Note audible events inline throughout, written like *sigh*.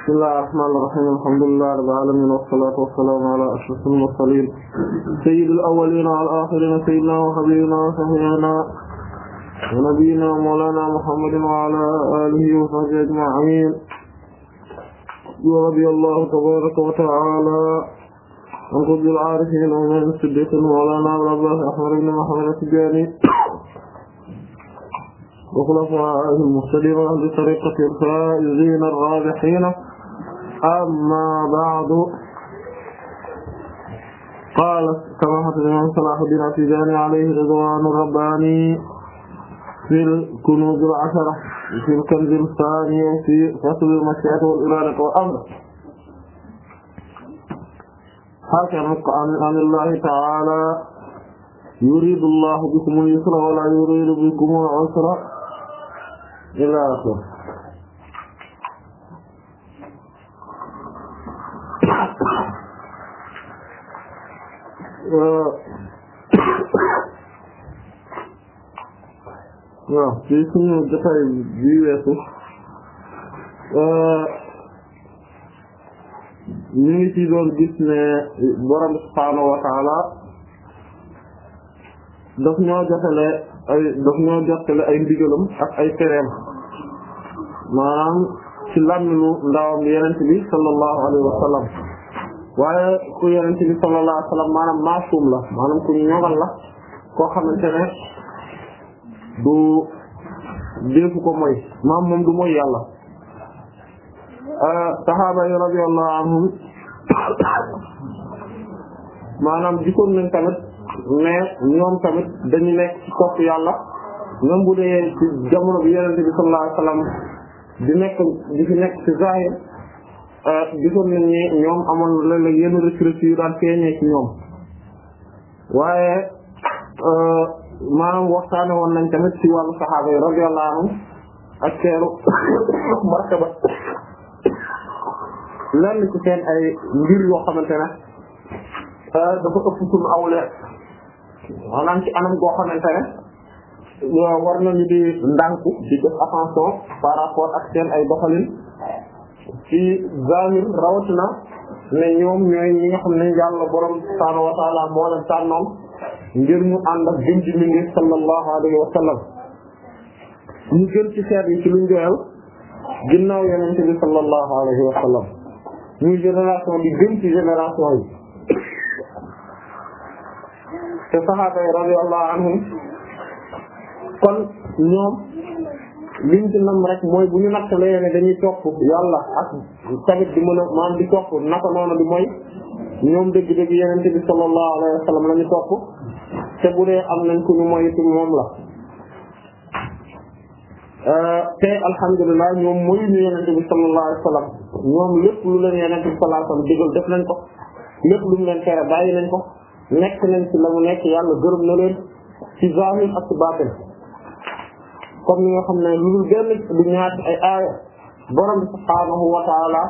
bismillahir rahmanir rahim alhamdulillahi rabbil alamin wassalatu wassalamu ala ashrafil mursalin sayyidil awwalin wal akhirin sayyidina wa habibina wa shafi'ina wa nabiyyina mawlana muhammadin wa ala alihi wa sahbihi ajma'in radiyallahu tabaraka wa ta'ala an qutbil arifin wa min siddiqin mawlana abdullah ahmad ibn muhammad at-tijani وخلفائه المهتدين وأهل طريقة الفائزين الرابحين amma ba'du qaala samaahatu imaam Salaahudiin At-Tijaani alayhi ridwaanu rabbaani fil kunuuz al-ashara fil kanz al-saani fi fasl al-mashii'ati wal-iraadati wal-amr hakan an Allahi ta'aala yuriidu Allahu bikum al-yusra wa laa yuriidu bikum al-'usra ilaa aakhirih waaw ci suñu jotaay bi weesu ñu ngi ci doon gis ne borom subhaanahu wa taala daf ñoo jotale ay daf ñoo jotale ay ndigalam ak ay tereem maanaam ci làmmiñu ndawam yenent waaye ku yonent bi sallallahu alayhi wa sallam maanaam maasum la maanaam ku ñogal la koo xamante ne du defu ko mooy maam moom du mooy yàlla euh, saxaaba yi radiyallahu anhum maanaam jikkoon nañ tamit mais ñoom tamit dañu nekk ci kopp yàlla même bu dee ci jamono bi yonent bi sallallahu Euh, gisoon nañ ñoom amoon na léeg yenn rëcc-rëcc yu daan feeñee ci ñoom waaye euh, maanaam waxtaane woon nañ tamit ci wàllu saxaaba yi radiyallahu anhum ak seeru *coughs* martaba lenn ci seen ay mbir yoo xamante ne euh, dafa ëpp suñu awle maanaam ci anam goo xamante ne war di ndànku di def attention par rapport ak seen ay doxalin ci zahir rawatina ne ñoom ñooy ñi nga xam ne yàlla borom subhaanahu wa taala moo leen tànnoon ngir mu ànd ak gën ji alayhi wa ñu gën ci xeet yi ci luñ doyal ginnaaw yonent bi sallallahu alayhi wa yi te saxaaba yi radiyallahu anhum kon ñoom liñ ci nam rek mooy bu ñu nattalee ne dañuy topp yàlla ak tamit di mën a maam di topp naka noonu di mooy ñoom dëgg-dëgg yeneen bi sallallahu alayhi wa sallam la ñu topp am nañ ku ñu mooy ci moom la euh, te alhamdulilah ñoom mooy ñu yeneen bi sallallahu alayhi wa sallam ñoom lépp lu leen yeneen nañ ko lépp lu mu ko nekk nañ ci la mu nekk yàlla gërëm na leen ci zahir ak comme ni nga xam ne lu dul benn du ñaar ay aaya borom bi subhaanahu wa taala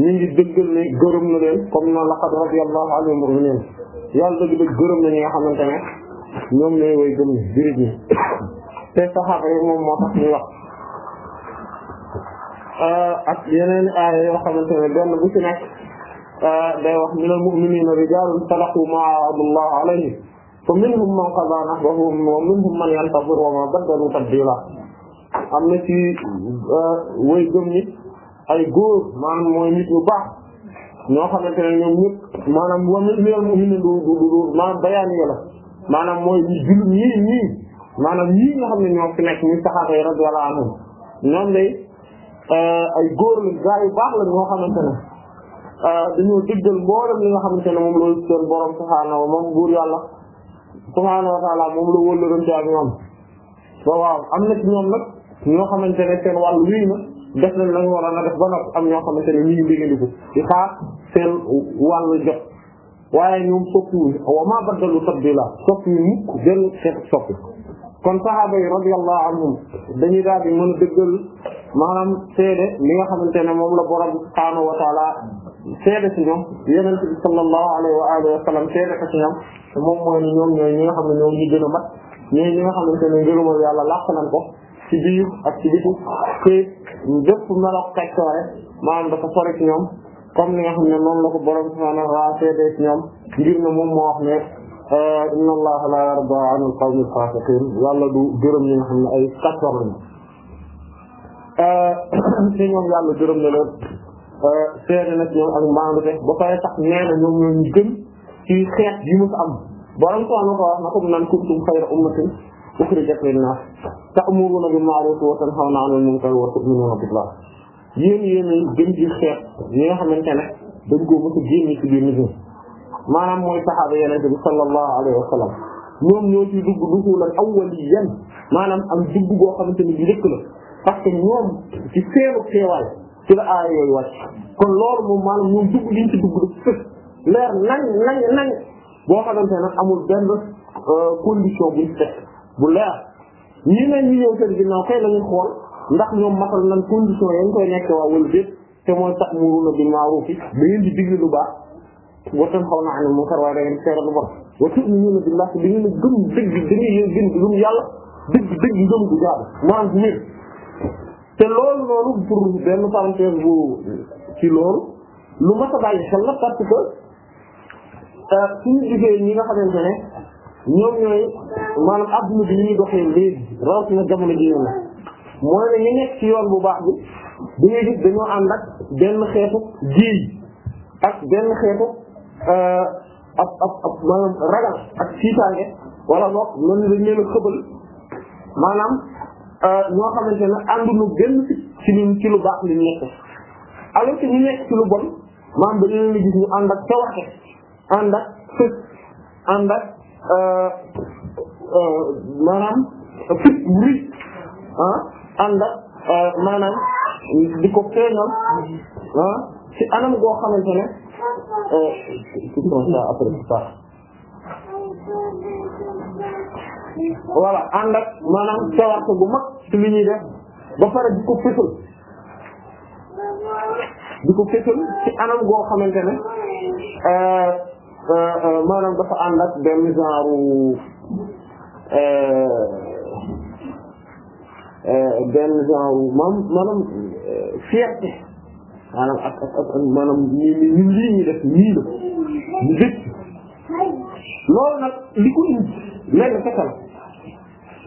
ñu ngi dëggal ne gërëm na leen comme na laqad radiyallahu anil mu'minin yàlla dëgg dëgg gërëm na ñi nga xamante ne ñoom ñooy way gëm jurit ñi te saxaaba yi moom moo tax ñu wax ak yeneen aaya yoo xamante ne benn bu ci nekk day wax minal mu'minina rijaalun sadaqu ma ahadullah alayhi fa minhum man qadaa nahbahu wa minhum man yantazir wa am na ci euh, way gëm nit ay góor maanaam mooy nit yu baax ñoo xamante ne ñoom ñëpp maanaam wa minal mu'miniina du du du maanaam bayaan yi la maanaam mooy ñi jullit ñii ñii maanaam ñii nga xam ne ñoo fi nekk ñu saxaaba yi radiyallahu anhum ñoom euh, ay góor la gaa yu baax la ñoo xamante ne euh, dañoo diggal mboolem li nga xamante ne moom loolu seen borom subhaanahu moom buur yàlla subhaanahu wa moom la wëllërante ak ñoom waaw am na ci ñoom nag ñoo xamante ne seen wàll wii na def nañ lañu waroon a def ba noppi am ñoo wa ma baddalu tabdila soppi mukk jël seen soppi kon sahaaba yi radiyallahu anhum dañuy daal di mën a dëggal maanaam li nga xamante ne moom la borom subhaanahu wa seede ci ñoom yonent bi sallallahu alayhi wa alihi wa sallam seede ko ci ñoom te moom mooy ne ñoom ñooy ñi nga xam ne ñoom ñi gën a mat ñooy ñi nga xamante ne ngërëmal yàlla làq nañ ko ci biir ak ci biti te bépp melox kaccoore maanaam dafa sori ci ñoom comme ni nga xam ne noonu la ko borom subhanahu wa ta'ala seede ci ñoom ngir ne moom moo wax ne inna allaha la yarda an al qawmi al fasiqin yàlla du gërëm ñi nga xam ne ay kaccoor lañu te ñoom yàlla gërëm na leen seede nag ñoom ak maandu te ba pare nee na ñoom ñoo ñu gën ci xeet yi am borom subhaanahu wa ta'aala na ko naan kuntum xayra ummatin ukhrijat lin-naas ta'muruuna bil ma'ruuf wa tanhawna gën ci xeet ñi nga xamante ne dañ koo mës a génne ci biir nit ñi maanaam mooy saxaaba Yonent bi sallallahu alayhi wa sallam ñoom ñoo ci dugg duxulan maanaam am dugg boo xamante ni bi njëkk la parce que ñoom ci seenu teewaay ci la aay yooyu wàcc kon loolu moom maanaam ñoom dugg liñ ci dugg leer nañ nañ nañ boo xamante ne amul benn euh, condition buñ fekk bu leer ñi ne ñu ñëw seen ginnaaw kay lañuy xool ndax ñoom matal nañ condition yañ koy nekk waa wala déet te mooy ta'muruna bil ma'ruf da ngeen di digle lu baax waxtaan xaw naa ne munkar waaye da ngeen tere lu bon wa tu'minuna billahi da ngeen a gëm dëgg da ngeen gëm gëm yàlla te loolu noonu pour benn parenthèse bu ci loolu lu mat a bàyyi la parce que euh, suñu liggéey ñi nga xamante ne ñoom ñooy maanaam adduna bi ñuy doxee léegi rawatina jamono ji ñu ne mooy ne nekk ci yoon bu baax bi dañuy gis dañoo ànd ak benn xeetu ji ak benn xeetu euh, ab ab maanaam ragal ak siitaange wala boog mën dañ leen a xëbal maanaam Euh, ñoo xamante ne ànduñu gën ci ci lu baax li nekk alors que nekk ci lu bon maanaam dañu di gis ñu ànd ak cawaxe ànd ak fës ànd ak euh, euh, maanaam fit bu rëy ah ànd ak di ko feeñal ah ci anam goo xamante ne. voilà ànd ak maanaam cawarte bu mag ci li ñuy def ba pare di ko fësal di ko fësal ci anam goo xamante ne euh, euh, euh, maanaam dafa ànd ak benn genre benn genre maam maanaam fierté maanaam ak ak lii ñuy def nii ñu dëkk loolu nag li ko indi léegi fekkal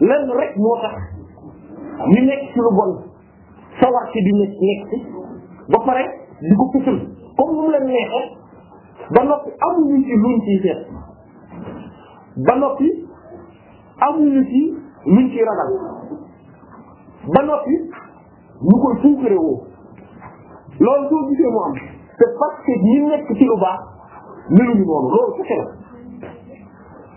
lenn rek moo tax li nekk ci lu bon sawar ci di nekk nekk ci ba pare di ko fësal comme mu leen neexee ba noppi amuñu ci luñ ciy seet ba noppi ragal ba noppi ñu koy suukaree woo loolu soo gisee mu am c'est parce que ñi nekk ci lu baax meluñu noonu loolu kese la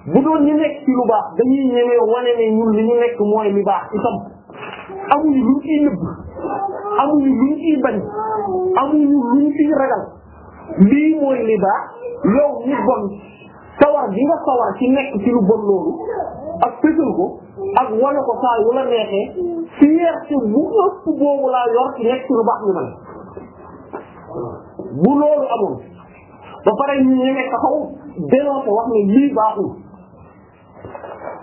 bu doon ñu nekk ci lu baax dañuy ñëwee wane ne ñun li ñu nekk mooy li baax itam amuñu luñ i nëbb amuñu luñ ciy bañ amuñu luñ ciy ragal lii mooy li baax yow ñu bon sawar bi sawar ci nekk ci lu bon loolu ak fësal ko ak wane ko saa yu la neexee fierté bu ëpp boobu laa yor ci nekk ci lu baax ñu man bu loolu amoon ba pare ñu ñemee taxaw dénoncé wax ne lii baaxul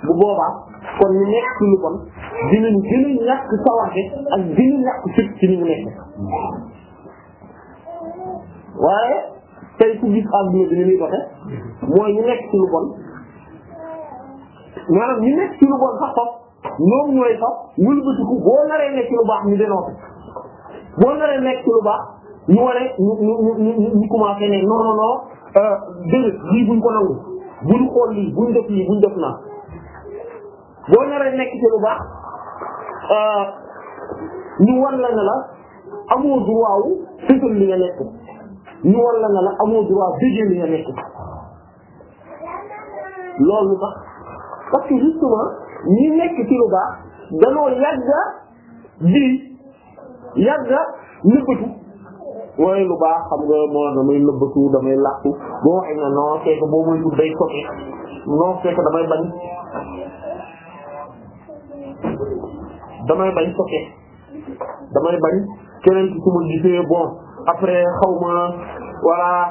bu boobaa kon ñu nekk ci lu bon dinañ gën a ñàkk sawarte ak gën a ñàkk fit ci ni mu nekk waaye tey ku gis àdduna bi ni muy mooy ñu nekk ci lu bon maanaam ñu nekk ci lu bon sax sax ñoom ñooy sax wëlbatiku boo naree nekk ci lu baax ñu dénoncé boo nekk ci lu baax ñu waree ñu ñu ñu ñu commencé ne non non non euh, déedéet lii buñ ko nangu buñ xool lii buñ def lii buñ def naa boo naree nekk ci lu baax euh, ñu wan la ne la amoo droit wu fësal li li nga nekk loolu lu parce que justement ñi nekk ci lu baax danoo yàgga di yàgga nëbbatu waaye lu baax xam nga moo damay nëbbatu damay làqu boo waxee na non c'est boo muy day sotti non c'est damay bañ damay bañ soke damay bañ keneen ki su ma gisee bon après xaw ma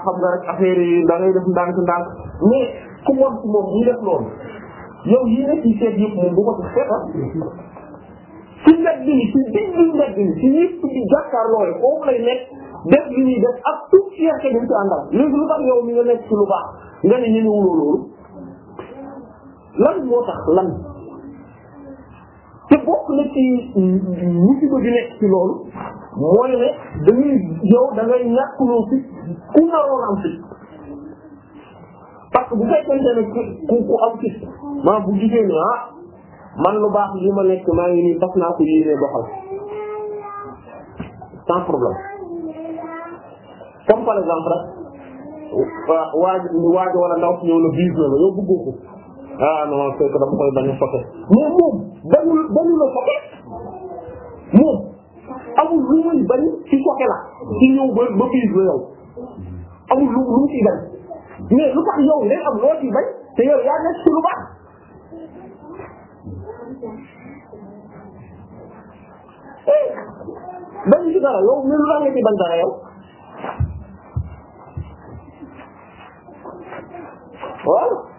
xam nga rek affaire yi da ngay def ndànk ndànk ku mu moom muy def loolu yow yi nekk ci seet yëpp moom bu ko def seetal ci ah. mbedd yi ci diggu mbedd yi ci yëpp ci jàkkaarloo yi foofu lay nekk def li def ak tout fierté bi mu ci àndal léegi lu tax yow mi nga nekk ci lu baax nga ne ñu ngi wuloo loolu lan moo tax lan. te bokk na ci musiba bi nekk ci loolu mooy ne dañuy yow da ngay ñàkkloo si ku naroon am si parce que bu fekkente ne ku ku am si maa bu jigéen ne ah man lu baax li ma nekk maa ngi nii fas naa ko yéenee doxal sans problème comme par exemple rek waa waa wala ndaw si ñëw na biis na la yow bëggoo ah non c'est que dama koy bañ a sote mais moom bañu bañu la sote moom amul lu muy bañ ci sote la ci ñëw ba ba fii la yow amul lu lu mu ciy bañ mais lu tax yow day am loo ciy bañ te yow yaa nekk ci lu baax eh, bañ ci dara yow mais lu tax nga ci bañ dara yow waaw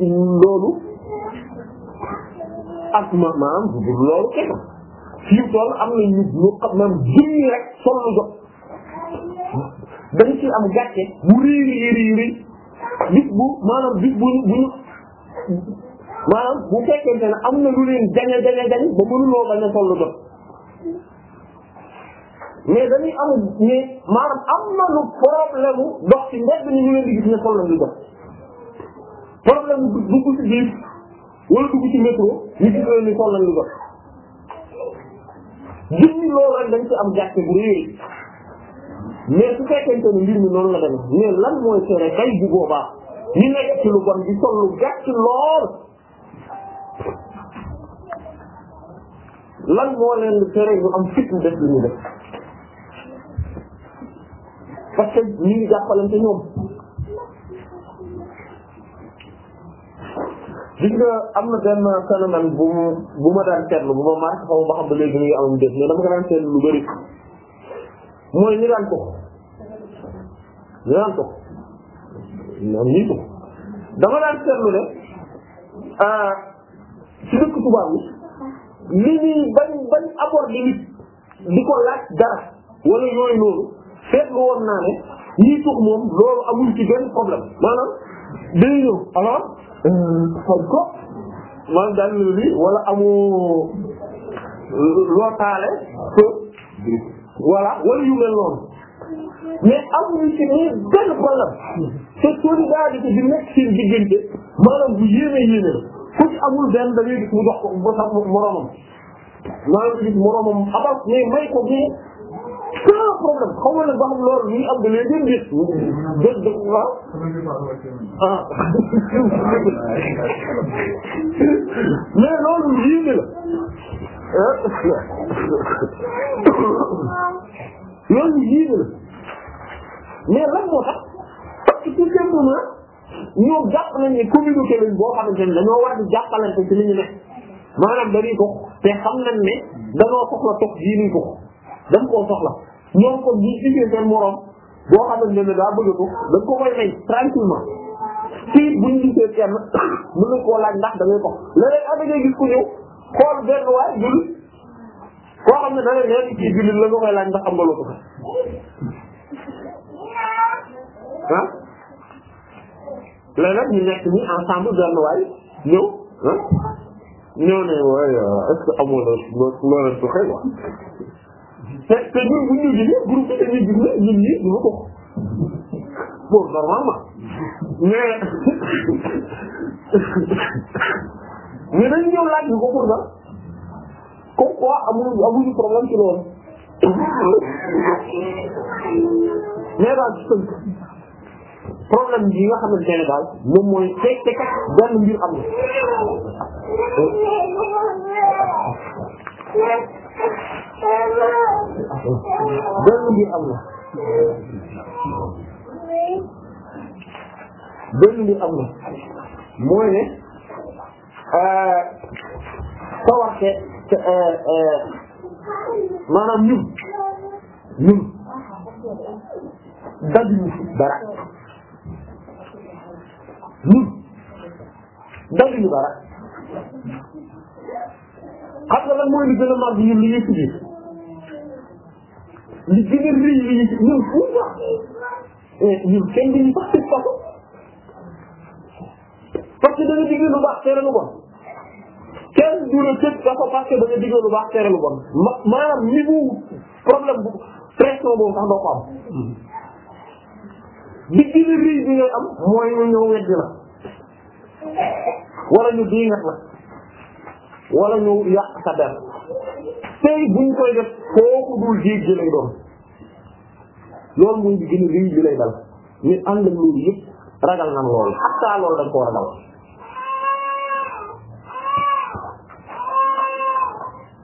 loolu ak ma maanaam loolu kese fii tool am na ñu ñu xam maanaam junni rek sol lu jot dañ ci am gàcce bu réeri réeri réy bu maanaam bis bu bu ñu bu fekkente ne am na lu leen jañe jañe jañ ba mënuloo bañ a sol lu jot mais dañuy am mais maanaam am na lu problème dox ci mbedd ni ñu leen di gis ne sol lu jot problème du dugg ci biir wala dugg ci métro ñu ni sol lu jot. gis ni loolu rek dañ am gàcce bu réy mais su fekkente ni mbir mi noonu la demee mais lan mooy sere kay bu boobaa ñu nekk ci lu bon di sol lu gàcce lool lan moo leen di tere am fit def li ñu def parce que ñu ngi jàppalante ñoom. gis nga am na benn phénomène bu bu ma daan seetlu bu ma marqué xaw ma xam ba léegi ñu amam def mais dama ko daan seetlu lu bari mooy ñu daan ko ñu daan ko ñoom ñii ko dama daan seetlu ne ah, ci dëkk tubaab yi li ñuy bañ bañ aborder nit di ko laaj dara wala yooyu loolu seetlu woon naa ne ñii tux moom loolu amul ci benn problème maanaam day ñëw alors faj ko maanaam daal wala amu lootaale fë wala yu mel noonu mais amuñu ci ni benn problème te solidarité bi nekk seen diggante maanaam bu yéeme yéeme la ku ci amul benn da mu dox ko ba sax moromam moromam abal mais may ko bu sans problème xaw ba xam loolu ñu ngi am ba léegi nit dëgg dëgg waaw ah mais loolu lii ni la loolu lii ni la mais lan moo tax parce que tout simplement ñoo jàpp nañ ne communauté lañ boo xamante ne dañoo war di jàppalante ci li ñu ne maanaam dañuy ko te xam nañ ne dañoo soxla tox ji niñ ko dañ koo soxla ñoom kon ñuy jigéen seen morom boo xamante ne daa bëgg ko dañ koy may tranquillement fii bu ñu gisee kenn *coughs* mën na koo laaj ndax da ngay ko leneen am ngay gis ku ñëw xool benn waay jul koo xam ne da ngay nekk ci jullit la nga koy laaj ndax am nga loo ko ah léeg-léeg ñu nekk nii ensemble benn waay ñëw ah ñëw ne waaye est-ce que amoo na loo leen tuxee te te ñun bu ñu gisee groupe bi dañuy gis ne ñun ñii dina ko bon normalement mais mais dañu ñëw laaj bi ko pour dara comme quoi amuñu amuñu problème ci loolu mais daal ci tënk problème bi nga xamante ne daal moom mooy te te kat benn mbir am na benn mbir am na benn mbir am na mooy ne tawarte euh, euh, euh, maanaam ñun ñun dajuñu dara ñun dajuñu dara xam nga lan mooy li gën a mag ñun li ñuy subir li gën a rëy li ñu eh, kenn duñu sax ci façon parce que da digle lu baax tere lu bon kenn du la tëj kaso parce que lu baax tere ko am li gën a am mooy ñu ñëw wedd la wala ñu diingat la wala ñu yàq sa der tey bu ñu koy def kooku dul jiig ji lay doon loolu mooy bi gën a rëy lay dal ñu ànd ak loolu yëpp ragal nan lool xataa loolu dañ koo ragal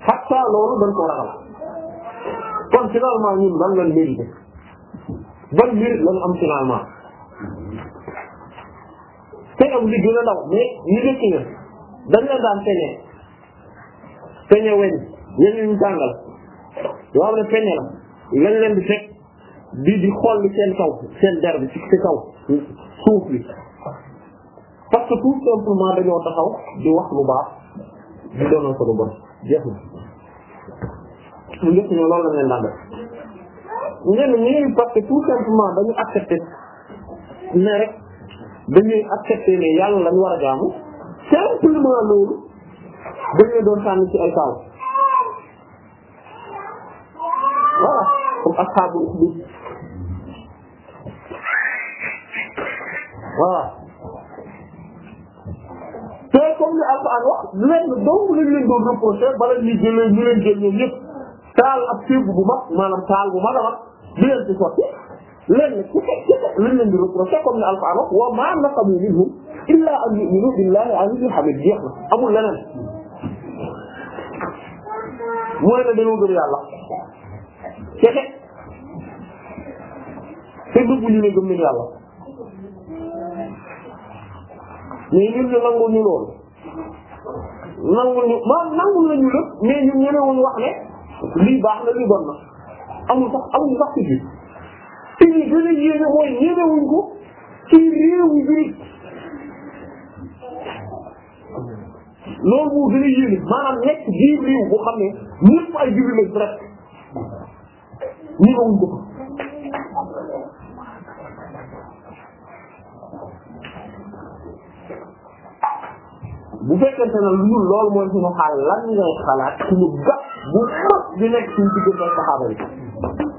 xataa loolu dañ koo ragal kon finalement ñun lan lañ mérité ban mérite lañ am finalement te am li gën a ndaw mais ñu dëkk dañ leen daan peñe peñe weñ ñenn ñu jàngal yoo xam ne peñ la lañ leen bi fekk di di xool seen kaw seen der bi ci kaw suuf bi parce que tout simplement dañoo taxaw di wax lu baax di doonal ko lu bon jeex na ñu njëkk ñoo loolu lañ leen daan def ñenn parce que tout simplement dañu accepté ne rek dañuy accepté ne yàlla lañ war a jaamu simplement loolu dañuy doon sànni ci ay kaw comme asxaabu uxdud voilà te comme li Alxuraan wax lenn dong lañ leen doon reproché bala ñu jëlee ñu leen jël ñoom ñëpp taal ab fiib bu mag maanaam taal bu mag a mag di leen ci sotti lenn ci ci lañ leen di reproché comme li Alxuraan wax wa maa naqamu minhum illaa an yu'minu billahi al-'aziizil hamiid jeex na amul leneen mooy ne dañoo gëm yàlla. te te dëgguñu ne gëm nañu yàlla mais ñun loolu nangul ñu maanaam wax ne lii baax na lii bon na amul sax amul sax ci biir ñu gën a yéeme mooy ñemewuñ ko ci réewu jurit a yéeme nekk biir réew boo xam ne ñëpp ay juri lañ presque ñemewuñ ko bu fekkente ne lu loolu mooy suñu xaal lan xalaat suñu gàpp bu mag di nekk suñu diggante ak saxaaba yi radiyallahu anhum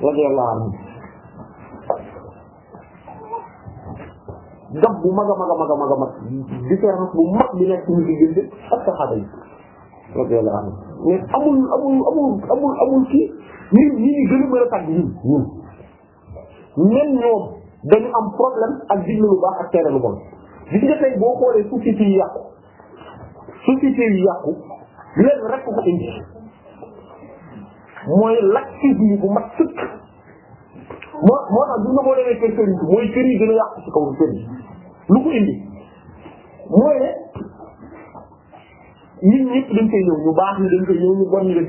yi radiyallahu anhum mais amul amul amul amul amul kii ñun ñii ñu gën a mën a tàgg ñun ñun dañu am problème ak diglu lu baax ak tere lu bon gis nga tey boo xoolee société yi yàqu société yi yàqu leen rek ko indi mooy laxisme bu mat sëkk moo moo tax du na boo demee kër mooy kër yi gën a yàqu ci kaw kër yi lu ko indi mooy ne nit ñëpp dañ koy ñëw ñu baax ñi dañ koy ñëw ñu bon ñi dañ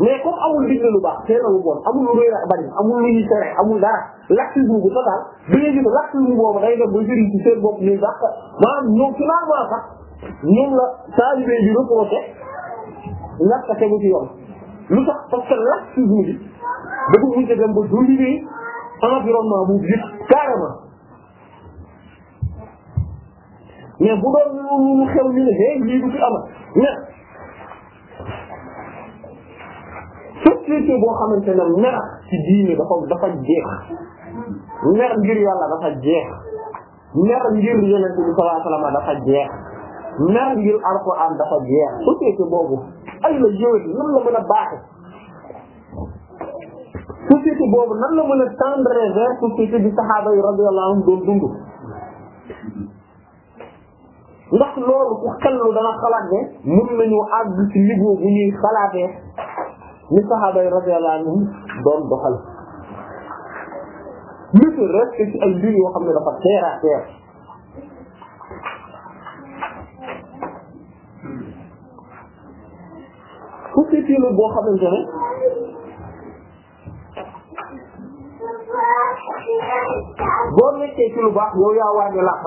mais comme amul digle lu baax teel na lu bon amul lu rëy a bari amul lu ñuy tere amul dara laxisme bu total da ngay gis laxisme boobu day def ba jëriñ ci seen bopp ñuy baax maanaam ñoom finalement sax ñoom la taalibe bi reproché ñàkk a tegu ci yoon lu tax parce que laxisme bi dafa mujj dem ba du liggéey environnement bu yëpp carrément. mais bu doon lu xew ñu ne hey lii du fi amal mais. société boo xamante ne mer ci diine dafa jeex mer ngir yàlla dafa jeex mer ngir yonent bi sallallahu alayhi wasallam dafa jeex mer ngir alquran dafa jeex société boobu ay la yéwén nan la mën a baaxe société boobu nan la mën a tendre vers société bi saxaaba yi radiyallahu anhum ndax loolu ku xellu dana xalaat ne mën nañu àgg ci niveau bu ñuy xalaatee ni saxaaba yi radiyallahu anhum doon doxal léegi rek ay mbir yoo xam ne dafa terre à terre société la boo xamante ne boo nekkee ci baax yow yaa waaj a làq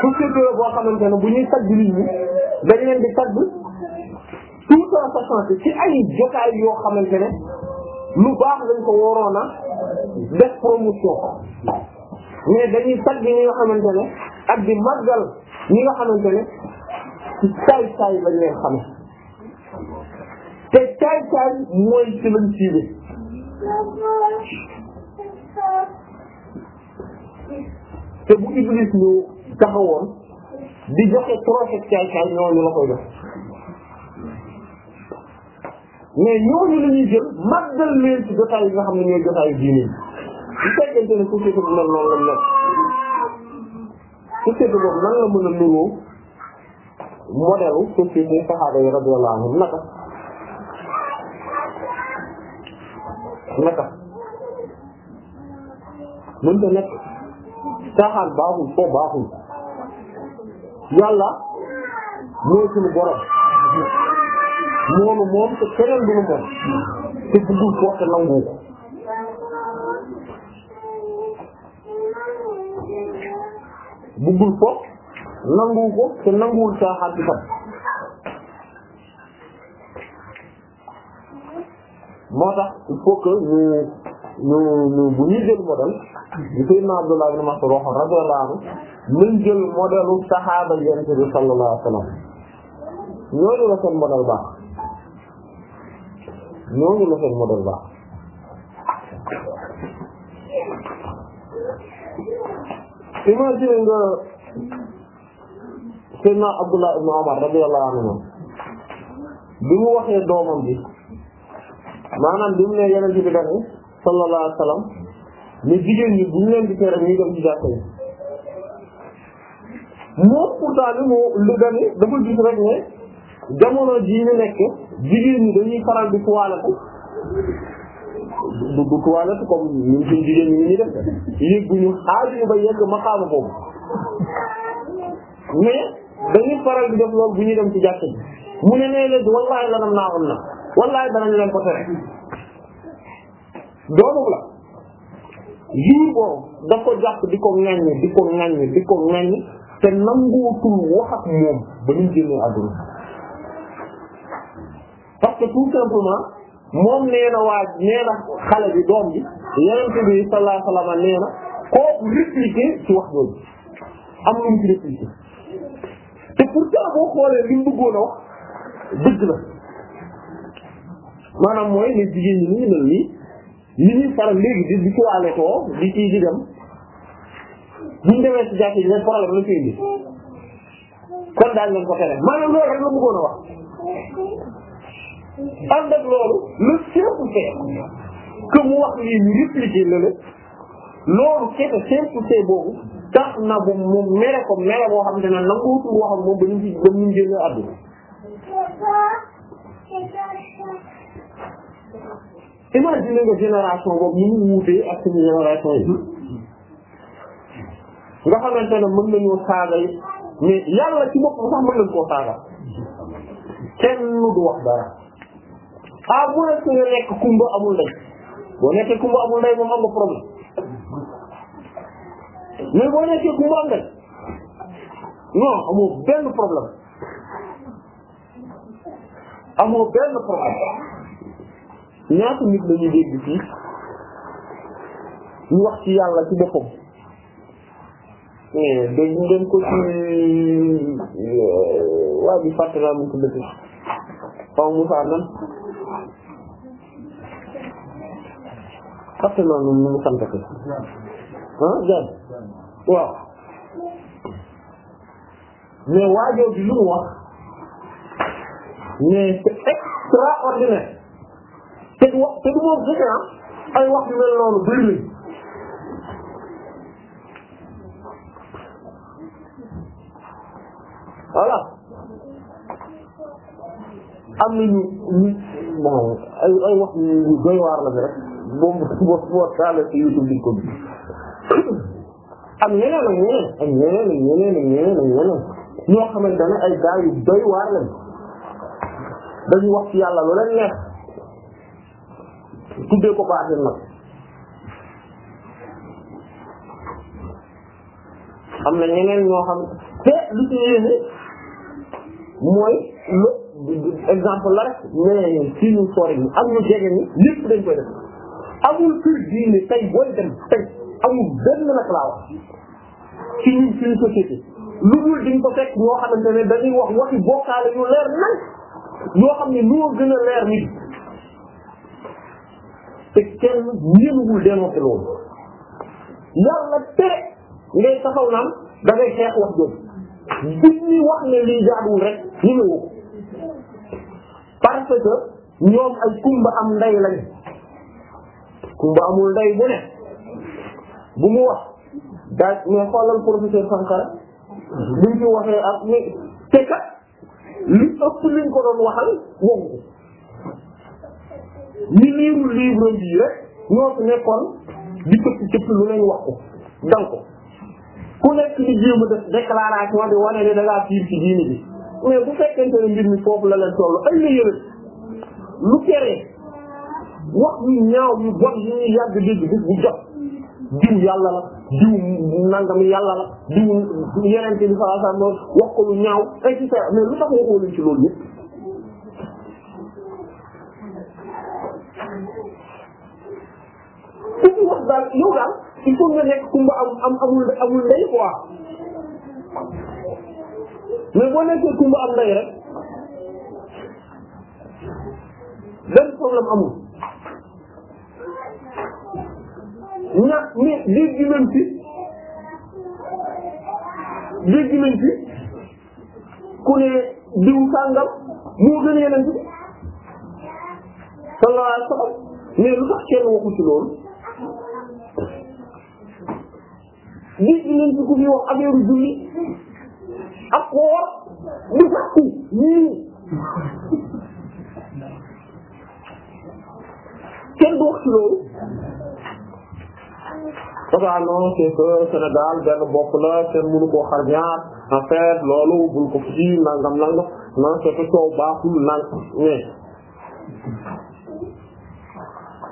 société la boo xamante ne bu ñuy tagg nit ñi dañ leen di tagg tout en sachant que ay jotaay yoo xamante ne lu baax lañ ko waroon a def promotion mais dañuy tagg ñi nga xamante ne ak di màggal ñi nga xamante ne ci saay saay lañ leen xame te caay caay mooy ci lañ siibe te bu iblis ñëw taxawoon di joxe projet caay caay ñooñu la koy jox mais ñooñu la ñuy jël màggal leen ci nga xam ne ñooy jotaayu diine bu fekkente ne société bu mel noonu lañ nekk la mën a nuroo modèle société saxaaba yi radiyallahu anhum naka naka mënta nekk caaxaan baaxul foo baaxul yàlla mooy suñu borom moonu moom te keneen du nu moom te buggul ko te nangu ko buggul ko nangu ko te nanguwul caaxaan ci tam moo tax il faut que ñu ñu ñu bu ñuy jël modèle bi Seydina Abdullah ibn Mas'ud radiyallahu nañ jël modelu saxaaba yonent bi sallallahu alayhi wa sallam ñooñu la seen modèle baax ñooñu la seen modèle baax imagine nga Seydina Abdullah ibn Umar radiyallahu anhu bi mu waxee doomam bi maanaam bi mu ne yonent bi dañu sallallahu alayhi wa sallam ne jigéen ñi bu ñu leen di tere ñu dem ci jàkka yi moom pourtant li moo lu gani dafa gis rek ne jamono jii ñu nekk jigéen ñi dañuy faral di toilette du du toilette comme ñun suñu jigéen ñi ñuy def yëgguñu xaaju ba yegg maqaama boobu mais dañuy faral di def loolu bu ñuy dem mu ne nee léegi wallaahi lanam naa am na wallaahi danañ leen ko tere doonul la lii boobu daf ko jàpp di ko ŋaññi di ko ŋaññi te nangootul wax ak moom ba ñu génnee àdduna parce que tout simplement moom nee na waa nee na xale bi doom bi yonent bi sallallahu nee na koo répliqué ci wax jooju am lu mu ci répliqué te pourtant boo xoolee li mu bëggoon a wax dëgg la maanaam mooy ne jigéen ñi ni ñu mel li ñuy faral léegi di di ci waale too di ci di bu ñu demee ci jàkk yi leen problème la koy indi kon daañu leen ko tere maanaam loolu rek la a wax ànd ak loolu le simple fait que mu wax lii ñu répliquer la la loolu kese simple fait boobu tax na bu mu mere ko mere boo xam ne nag na nga ko wutul waxoon moom ba ñu ci ba ñu génn àdduna imagine nga génération boobu ñu mu wuutee ak suñu génération yi nga xamante ne mën nañoo saaga yi mais yàlla ci boppam sax mën nañ koo saaga kenn du wax dara ah bu la suñu nekk kumba amul ndey boo nekkee kumba amul ndey moom am nga problème mais boo nekkee kumba am ndey non amoo benn problème amoo benn problème ñaata nit la ñuy dégg fii ñu wax ci yàlla ci boppam. mais eh, dégg ngeen ko ci eh, waa ji fàtte naa mu ko dëkk xaw Moussa nan fàtte naa nu mu sant ko ah Diagne waaw mais waajoo bi lu mu wax mais c'est extraordinaire te wax te du ma ah. wax ay wax yu mel noonu bëri voilà am nañu ñu bon ay ay wax yu doy waar la fi rek boo boo boo taalee ci YouTube di ko am ñeneen ak ñeneen ak ñeneen ak ñeneen ak ñeneen ak ñeneen ñoo xamante ne ay gaa yu doy waar lañ dañu wax ci yàlla lu leen neex tuddee ko baaxin nag am na ñeneen ñoo xam te lu ci yéene mooy le exemple la rek mais si ñu sori ñi ñu jege ñi ñëpp dañ koy def amul kër diine tey booy dem tey amul benn nag laa wax ci ñun suñu société lu dul di ko fekk ñoo xamante ne dañuy wax waxi bokkaale yu leer nañ yoo xam ne ñoo gën a leer nit te kenn ñëwul dénoncé loolu yàlla tere ngay taxaw naan da ngay xeex wax jooju. bi ñuy wax ne lii jaaduwul rek ñu ngi woo ñoom ay kumba am ndey lañ kumba amul ndey bu ne bu mu wax daa mais xoolal professeur Sankara buñ ci waxee ak mais te kat li ëpp liñ ko doon waxal wongu ñi liirul livre bi rek ñoo fi nekkoon di cëpp cëpp lu leen wax ko dal ko ku nekk di jéem a def déclaration di wane ne da ngaa fiir ci diini bi mais bu fekkente ne mbir mi foofu la leen toll ay la yëwén lu teree wax yu ñaaw yu bon yu yàgg dégg bis bu jot diw yàlla la diw nangam yàlla la diw yenente bi sallallahu alayhi wax ko lu ñaaw et cetera mais lu tax waxoo leen ci loolu yow daal il faut nga nekk kumba am am amul amul ndey quoi mais boo nekkee kumba am ndey rek benn problème amul ña mais dégg nañ ci dégg nañ ci ku ne diw sàngam moo gën yeneen ci sallallahu alayhi wa sallam mais lu tax kenn waxu ci loolu dégg nañ ci ku fi wax affaire julli ak xoor bu fàtti ñii kenn du loolu parce que non benn bopp la kenn mënu koo xar ñaar loolu bul ko fi nangam nangam non c'est que coow baaxul nang mais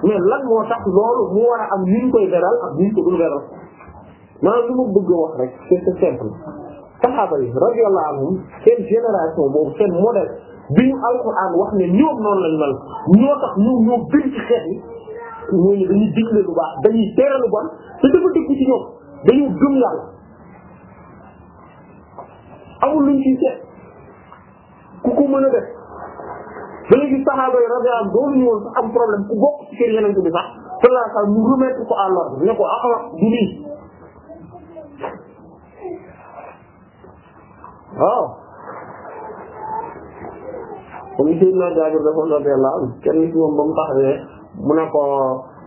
mais lan moo tax loolu mu war a am ñu koy beral ak ñu ko dul beral maanaam li ma bëgg a wax rek c'est simple saxaaba yi radiyallahu anhum seen génération boobu seen modèle bi ñu alxuraan wax ne ñoom noonu lañ mel ñoo tax ñoom ñoo gën ci xeet yi ñooñu dañuy digle lu baax dañuy tere lu bon te dafa dëgg ci ñoom dañoo gëm yàlla amul luñ ciy seet ku ko mën a def ba léegi saxaaba yi radiyallahu anhum doon ñu woon sax am problème ku bokk ci kër yeneen bi sax sax ñu remettre ko à l'ordre ne ko ah du lii waaw comme Seydina Jaabir dafa radiyallahu anhu kenn ci moom ba mu taxawee mu ne ko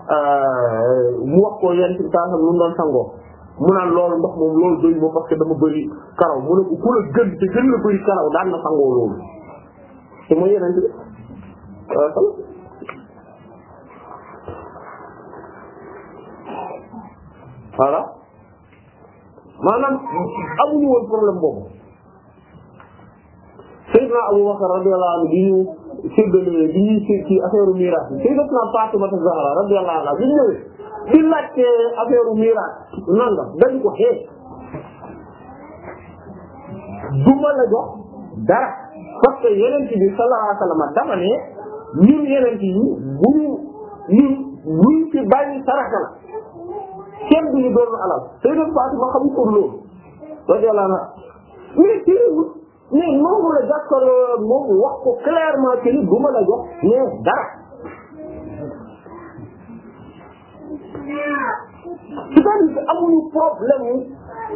euh, mu wax ko yenn ci taasam lu mu doon mu naan loolu ndox moom loolu doy ma parce que dama bëri karaw mu ne ko ku la gën te la bëri karaw daan na sangoo loolu te mooy yeneen ci voilà maanaam amuñu woon problème boobu Sayyidna Abu Bakr radiyallahu anhu bi ñu séddale bi ñuy ci Zahra radiyallahu anha bi ñu ñëwee di laajte affaire miraas nan la la jox dara parce que bi sallallahu alayhi dama ne ñun yeneen bu ñu ñun buñ fi saraka la kenn du ñu doon alal Sayyidat Fatima xam ko loolu radiyallahu anha mais moom la jàppal moom wax ko clairement que ni du ma la jox mais dara. c'est-à-dire amuñu problème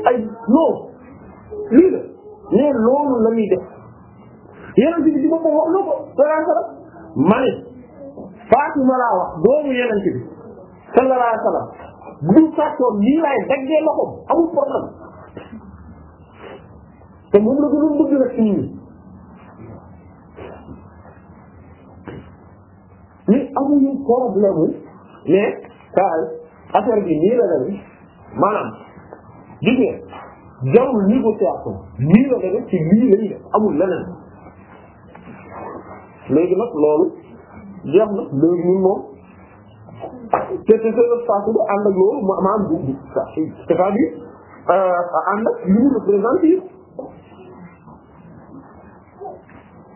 ay non lii la mais loolu la ñuy def yeneen bi ci boppam wax na ko sallallahu alayhi wa sallam ma ne Fatima laa wax doomu yeneen bi sallallahu alayhi wa sallam bu sàccoon lii laay daggee loxoom amul problème. te moom la gënoon bëgg nag ci nit ñi mais amuñu problème mais saa affaire bi nii la demee maanaam gis nga jarul négociation nii la demee ci lii la ñuy def amul leneen léegi nag loolu jeex na léegi ñun moom te te te saako du ànd ak loolu maanaam du du c'est-à-dire euh, ànd ak li ñu représenté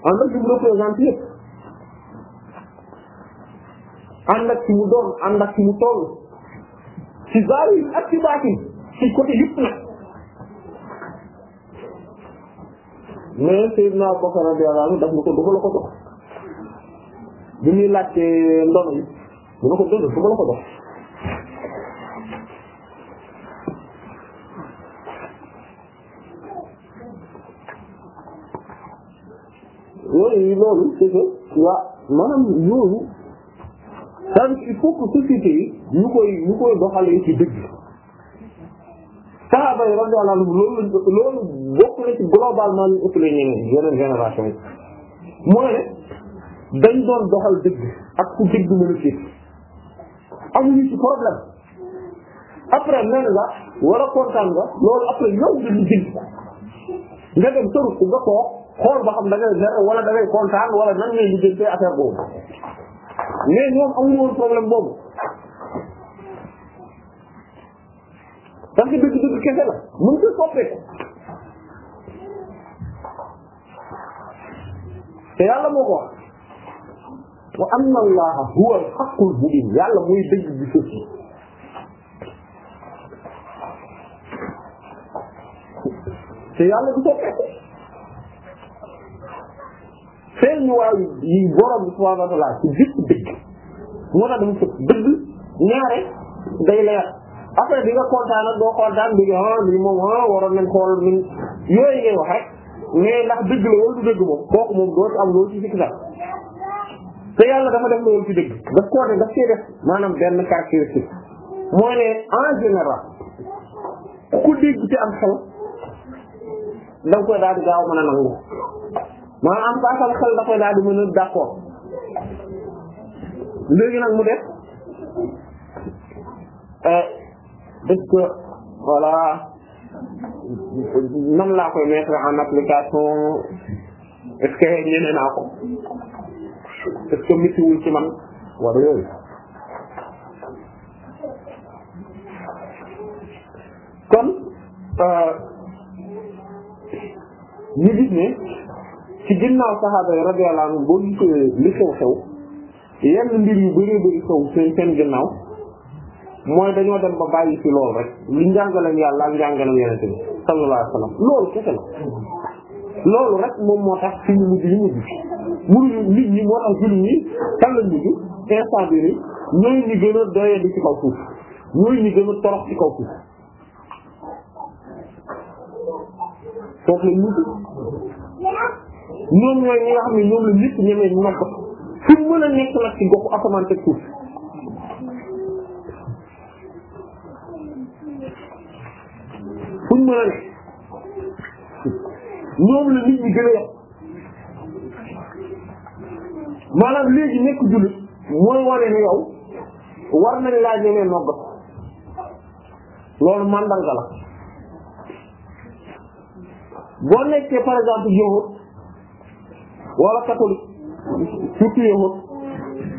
ànd ak li mu représenté yëpp ànd ak ci mu doon ànd ak mu toll ci zaahir ak ci baatin ci côté yëpp nag mais Seydina Abubakar radiyallahu anhu na ko duma la ko jox bi muy laajte ndono yi dina ko dëgg mooy loolu c'est que waa maanaam yooyu c'est-à-dire il yi ñu koy ñu koy doxalee ci dëgg saaba yi radiyallahu loolu loolu bokk na ci globalement ñu ëpp la ñeneen mooy ne dañ doon doxal dëgg ak ku dëgg mën a fiit amuñu ci problème après mel nga war a kontaan loolu après yow dañu jënd nga dem sa ruq nga toog xool ba xam da ngay mer wala da ngay kontaan wala nan ngay lijjantee affaire boobu mais ñoom amuñu woon problème boobu parce que dëgg-dëgg kese la mën nga soppeeku te yàlla moo ko wax wa anna allaha huwa al-haqqul mubin yàlla muy dëgg bi sëf te yàlla du soppeeku feeñ waayu yi borom bi subhaanahu wa ta'aala ci gis dëgg moo tax dañu fekk dëgg ñaare day leer après bi nga kontaan ak doo kontaan bi nga ah lii moom ah waroon nañ xool ñun yooyu ngay wax rek mais ndax dëgg la wala du dëgg moom kooku moom doo ci am loolu ci sikki sax te yàlla dafa def loolu ci dëgg daf de ne daf cee def maanaam benn caractéristique mooy ne en général ku dégg ci am xel da nga koy daal di gaaw maanaam paasal xel dafay daal di mën a d'accord léegi nag mu def euh, est-ce que voilà nan laa koy mettre en application est-ce que ñeneen naa ko est-ce que météo ci man wala yooyu. kon euh, ñu gis ne. ci ginnaaw saxaaba yi radiyallahu anhum boo li xew xew yenn mbir yu bëree bëri xew seen seen ginnaaw mooy dañoo dem ba bàyyi ci loolu rek li njàngaleen yàlla ak njàngaleen yeneen bi sallallahu loolu kese la loolu rek moom moo tax suñu mujj yi mujj mënuñu nit ñi moo tax jullit ñi tan la mujj instant bi ni ñooy ñi gën a doye ci kaw suuf ñooy ñi gën a torox ci kaw suuf foofu la mujj ñoom ñooy ñi nga la nit ñemee nopp fu mën a nekk nag ci goxu asamaan teg suuf fu ñu a nekk ñoom la nit ñi gën a yàq maanaam léegi nekk jullit mooy wane ne yow war nañ laa ñemee nopp loolu mandarga la boo nekkee par exemple yow. wala catholique surtout yow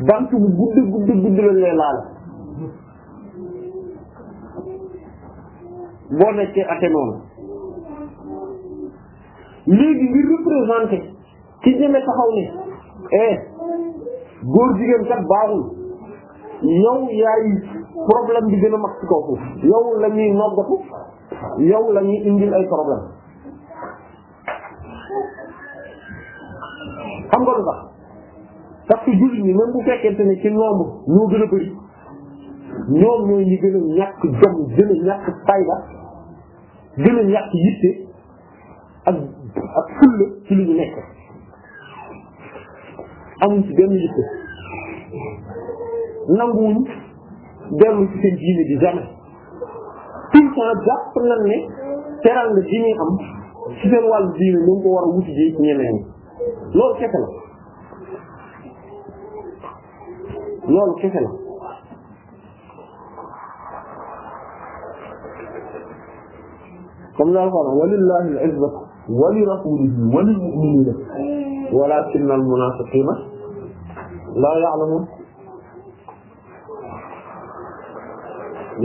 bant bu gudd gudd gudd lañ lay laal boo nekkee ate noonu léegi li représenté ci ñeme taxaw ni eh góor jigéen kat baaxul yow yaay problème bi gën a mag ci kaw foofu yow la ñuy noggatu yow la ñuy indil ay problème xam nga lu tax parce que jullit ñi même bu fekkente ne ci nombre ñoo gën a bëri ñoom ñooy ñi gën a ñàkk jom gën a ñàkk fayda gën a ñàkk yitte ak ak fulla ci nekk amuñ ci benn yitte nanguwuñ dellu ci seen diine di jamais tout le temps jàpp nañ ne teral nga ji am ci seen wàllu diine ñoo ko war a wuti ji ci ñeneen loolu kese la loolu kese la comme daal xanaa walillahi al-izzatu wa li rasulihi wa lil mu'minina walakinna al-munafiqina la ya'lamun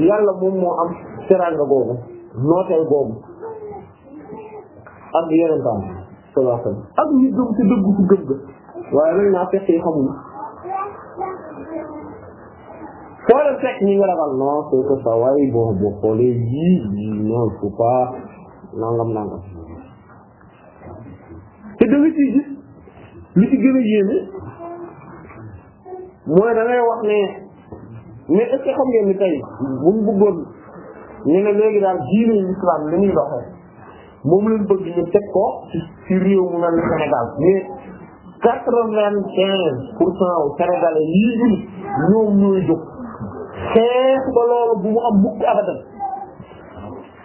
yàlla moom moo am teraanga googu nooteel googu ak yeneen sallallahu alayhi wasallam ak ñu gëm ci dëggu ci gëm ga waaye nag naa fekk yi xamuñu foo leen fekk ñi nga ragal non c'est que ça waaye boo boo xoolee yii non il faut pas nangam nangam te da nga ciy gis li ci gën a yéeme mooy da ngay wax ne mais est ce que xam ngeen ni tey bu mu bëggoon ñu ne léegi daal diine l'islam li muy doxee moom lañ bëgg ñu teg ko ci ci réew mu mel ni Sénégal mais quatre-vingt-quinze pour cent wu Sénégalais yii nii ñoom ñooy jóg xeex ba loolu bu mu am mukk abadan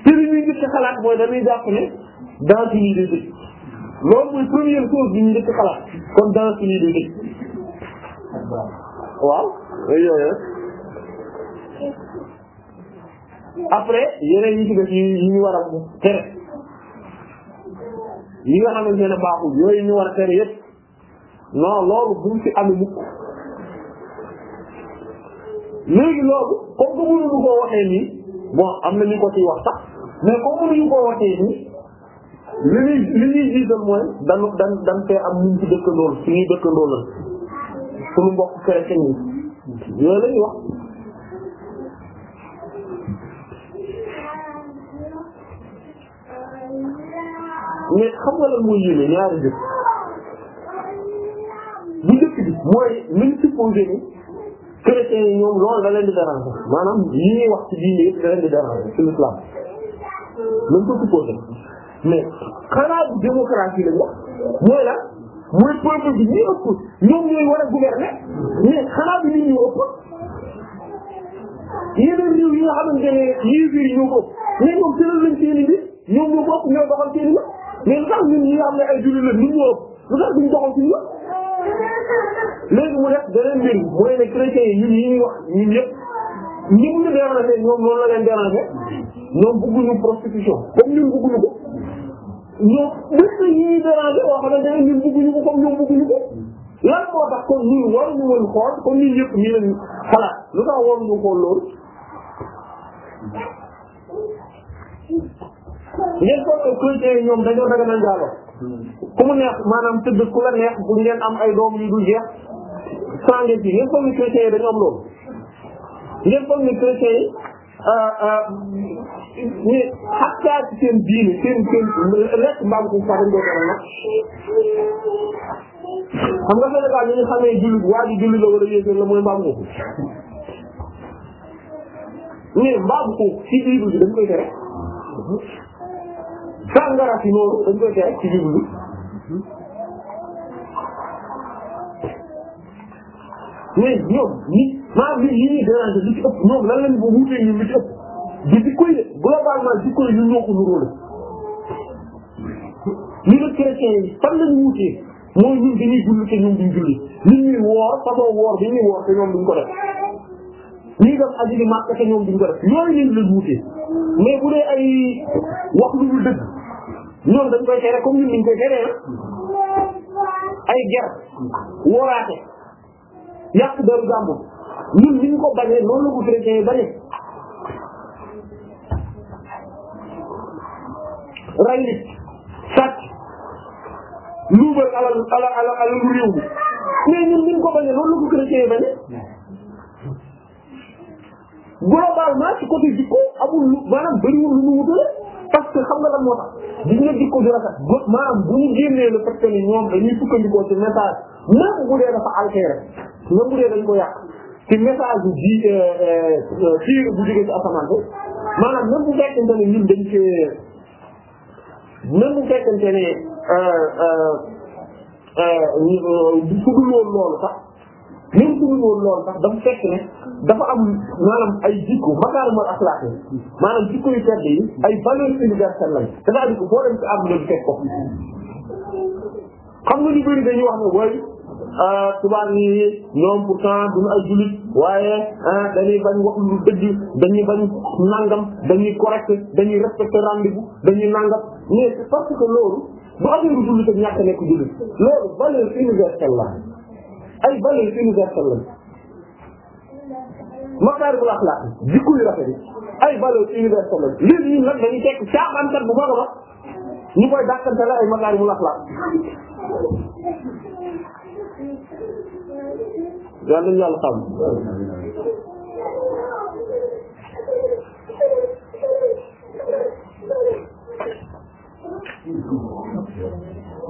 te li ñuy njëkk xalaat mooy dañuy jàpp ne dans suñuy day dëkk loolu mooy première chose bi ñu njëkk xalaat kon dans suñuy day dëkk waaw yooyu après yeneen yi ci def yi ñu war a tere yi nga xamante ne baaxul yooyu ñu war a tere yëpp non loolu bu mu fi amee léegi loolu comme que mënuñu koo waxee nii bon am na ñu ko ci wax sax mais comme mënuñu koo waxee nii li ñuy li ñuy jiital mooy dañu dañ dañ fee am ñu ci dëkkandool suñuy dëkkandool la suñu mbokk chrétien yi yooyu la wax mais xam nga lan mooy yéeme ñaari jëf bu njëkk bi mooy liñ supposé ni chrétiens yi ñoom loolu da leen di déranger maanaam yi ñuy wax ci diine yëpp da leen di déranger ci l'islam lañ ko supposé mais xanaa bu démocratie lañ wax mooy la mooy peuple bi ñuy ëpp ñoom ñooy war a gouverner mais xanaa bi nit ñu ëpp yeneen réew yi nga xamante ne yii biir ñoo ko ëpp mais ñoom tëral lañ seeni bi ñoom ñoo ko ëpp ñoo doxal seeni ma mais lu tax ñun ñi nga xam ne ay jullit la ñun ñoo lu tax duñ doxal ci ñun léegi mu def beneen mbir mooy ne chrétiens yi ñun yi ñuy wax ñun ñëpp ñi mu ñu déranger ñoom loolu la leen déranger ñoom bëgguñu prostitution comme ñun bëgguñu ko ñoom bés yi ñuy déranger boo xamante ne ñun bëgguñu ko comme ñoom bëgguñu ko lan moo tax kon ñun waruñu woon xool comme ñun ñëpp ñu leen xalaat lu tax waruñu xool ngeen foog ne chrétiens yi ñoom dañoo daganal njaalo ku mu neex maanaam tëdd ku la neex bu ngeen am ay doom yu dul jeex sans ngeen ci ngeen foog ne chrétiens yi dañoo am loolu ngeen foog ne chrétiens yi ñi ah, ah, xàttaa ci seen diine seen seen lekk mbaam ko sax dañ doo dara nag xam nga Sénégal ñu ñu xamee jullit waa ji jullit la wala yéeseen la mooy mbaam ko mais mbaam ko ci biir bi dañ koy tere sàngara si noonu dañ koy jaay ci jublu mais ñoom ñi maanaam li ñuy déranger li ci ëpp ñoom lan lañ ko wutee li ci ëpp di di koy globalement di koy ñu ñoo ko nuróole li la chrétien yi fan lañ wutee mooy ñun dañuy julli te ñoom duñ julli nit ñuy woor façon woor bi ñuy woor te ñoom duñ ko def ñuy dem aji di màkk te ñoom duñ ko def yooyu lañ leen wutee mais bu dee ay wax lu dul dëgg ñoom dañ koy tere comme ñun dañ koy tere ah. ay ger wóoraate yàq deru jàmbur ñun ni ñu ko bañee noonu la ko chrétiens yi bañee ray nit sàcc luubal alal alal alal alal réew mi mais ñun ni ñu ko bañee noonu la ko chrétiens jikko amul maanaam bëriwul lu mu wutale que xam nga lan moo tax di nga jikko ju rafet maanaam bu ñu génnee le fait que ni ñoom dañuy sukkandikoo ci message même bu dee dafa altéré même bu dee dañ ko yàq ci message bi di fiir bu jógee ci asamaan bi maanaam même bu fekkente ne ñun dañ cee même bu fekkente ne su euh, euh, euh, dul woon loolu sax même su dul woon loolu sax dafa fekk ne dafa am maanaam ay jikko makaarimal axlaaq yi maanaam jikko yu tedd yi ay valeurs universelles lañ c'est-à-dire que boo dem ci àdduna bi fekk ko xam nga ñu bëri dañuy wax ne wooy ah, tubaab yi ñoom pourtant duñu ay jullit waaye ah, dañuy bañ wax lu dëgg dañuy bañ nangam dañuy correct dañuy respecter rendez-vous dañuy nangam mais c'est parce que loolu du affaire jullit ak ñàkk nekk jullit loolu valeur universelle la ay valeurs universelles lañ makarimul axlaaq jikko yu rafet yi ay valeurs universelles lañ léegi ñun nag dañuy tekk caaxaankat bu mag a mag ñu koy dàkkante la ay makarimul axlaaq yàlla nañu yàlla xam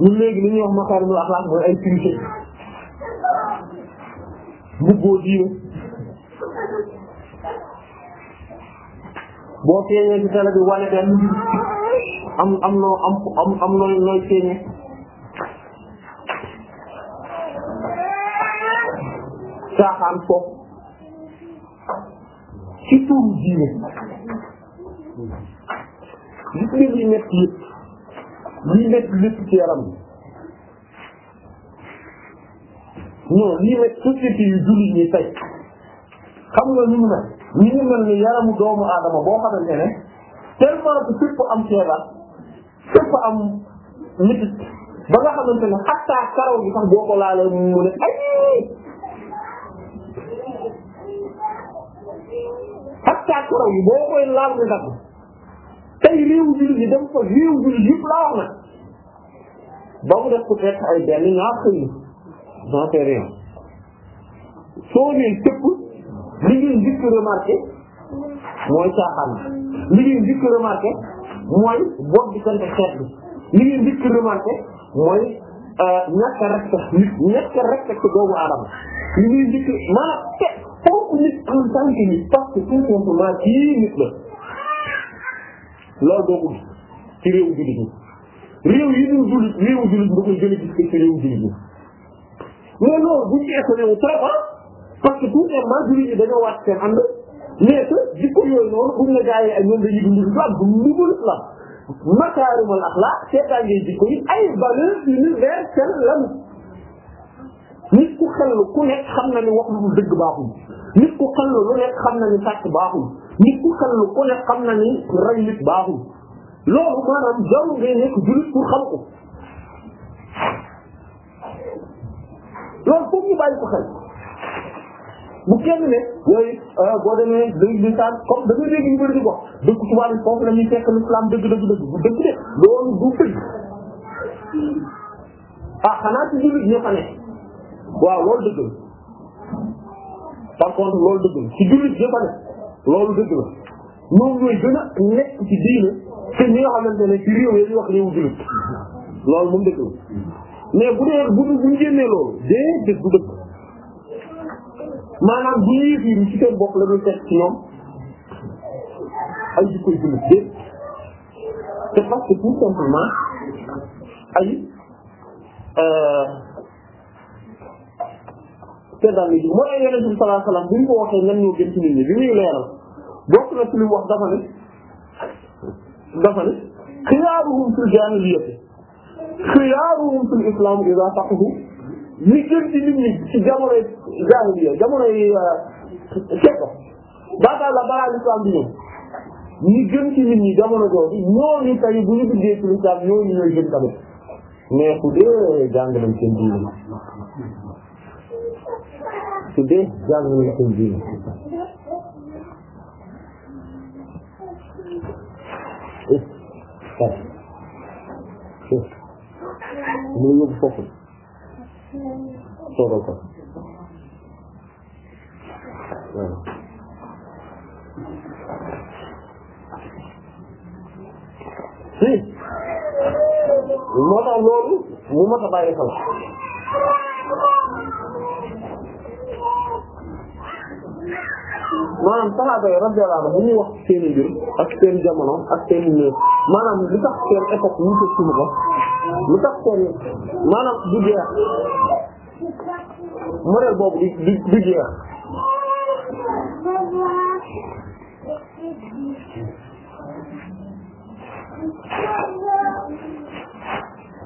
ñun léegi li ñuy wax makaarimul axlaaq mbubboo diine boo feeñee ci télé bi wane benn am am noo am am am noo nooy feeñee caaxaan foofu ci tuuru diine li ci li nekk yëpp li nekk lépp ci yaram non lii nag société yu jullit ñi tey xam nga ni mu ne ni mu mel ni yaramu doomu aadama boo xamante ne tellement que fépp am feebar fépp am métit ba nga xamante ne xatta karaw bi sax boo ko laalee mu ne ay xatta karaw yi boo koy laal nga dagg tey réew jullit ñi dem fa réew jullit yëpp laa wax nag ba mu def peut-être ay benn ñaar xëy j'en sais soo nee tëpp li ngeen njëkk remarqué mooy caaxaan li ngeen njëkk remarqué mooy bopp bi sant xeet bi li ngeen njëkk remarqué mooy euh, ñàkk a respect doomu aadama li ngeen njëkk maanaam te foofu nit en tant que nit parce que tout simplement kii la loolu doo ci réewu jullit ñi yi ñu jullit réewu jullit nga gën a gis ci réewu jullit mais loolu buñ ci wu trop parce que tout simplement jullit ñi dañoo waat seen ànd mais que jikko yooyu noonu buñ la jaayee ak ñoom dañuy dund du am du nubul la makaarimal axlaaq seetaan ngay jikko yi ay valeurs universelles lañu nit ku xel xam na ni wax lu dëgg baaxul nit ku xel lu nekk xam na ni sàcc baaxul nit ku xel ku nekk xam na ni rey nit baaxul loolu maanaam jarul ngay nekk jullit pour xam ko loolu foog ñu bàyyi ko xel bu kenn ne yooyu euh, boo demee dëgg bi saan comme da ngay dégg ñu bëri di wax dëkk tubaab yi foofu la ñuy fekk l'islam dëgg dëgg dëgg bu dëgg de loolu du dëgg ah xanaa ci jullit ñoo fa ne waaw loolu dëgg la par contre loolu dëgg la ci jullit ñoo fa ne loolu dëgg la ñoom ñooy gën a nekk ci diine te ñi nga xamante ne ci réew yi wax réewu jullit loolu moom dëgg la mais bu dee bu bu ñu génnee loolu déedéet du dëgg maanaam bu yéex yi ci seen bopp la ñuy teg ci ñoom ay jikkoy jullit déet c'est parce que mu simplement ay euh, seddal yi mooy ay yonent bi sallallahu alayhi wasallam bi ñu ko waxee ñan ñoo gën ci nit ñi bi muy leeral bokk na ci li mu wax dafa ne dafa ne xiyaaruhum fil jaahiliyyati xiyaaruhum fil islam iza faqihu ñi gën ci nit ñi ci jamonoy jahiliya jamonoy ceddo euh, baataa la balaa l'islam bi ñëw ñi gën ci nit ñi jamono jooju ñooñu tey bu ñu duggee ci l'islam ñooñu ñooy gën tamit mais su dee jàng nañ seen diine su dee jàng nañ seen diine Thank you. moo yóbbu foofu toogal ko si moo tax loolu mu mata bàyyi xel maanaam saxaaba yi radiyallahu anhum bu ñuy wax seen mbir ak seen jamono ak seen maanaam lu tax seen époque wuute ko lu tax maanaam du jeex boobu du du jeex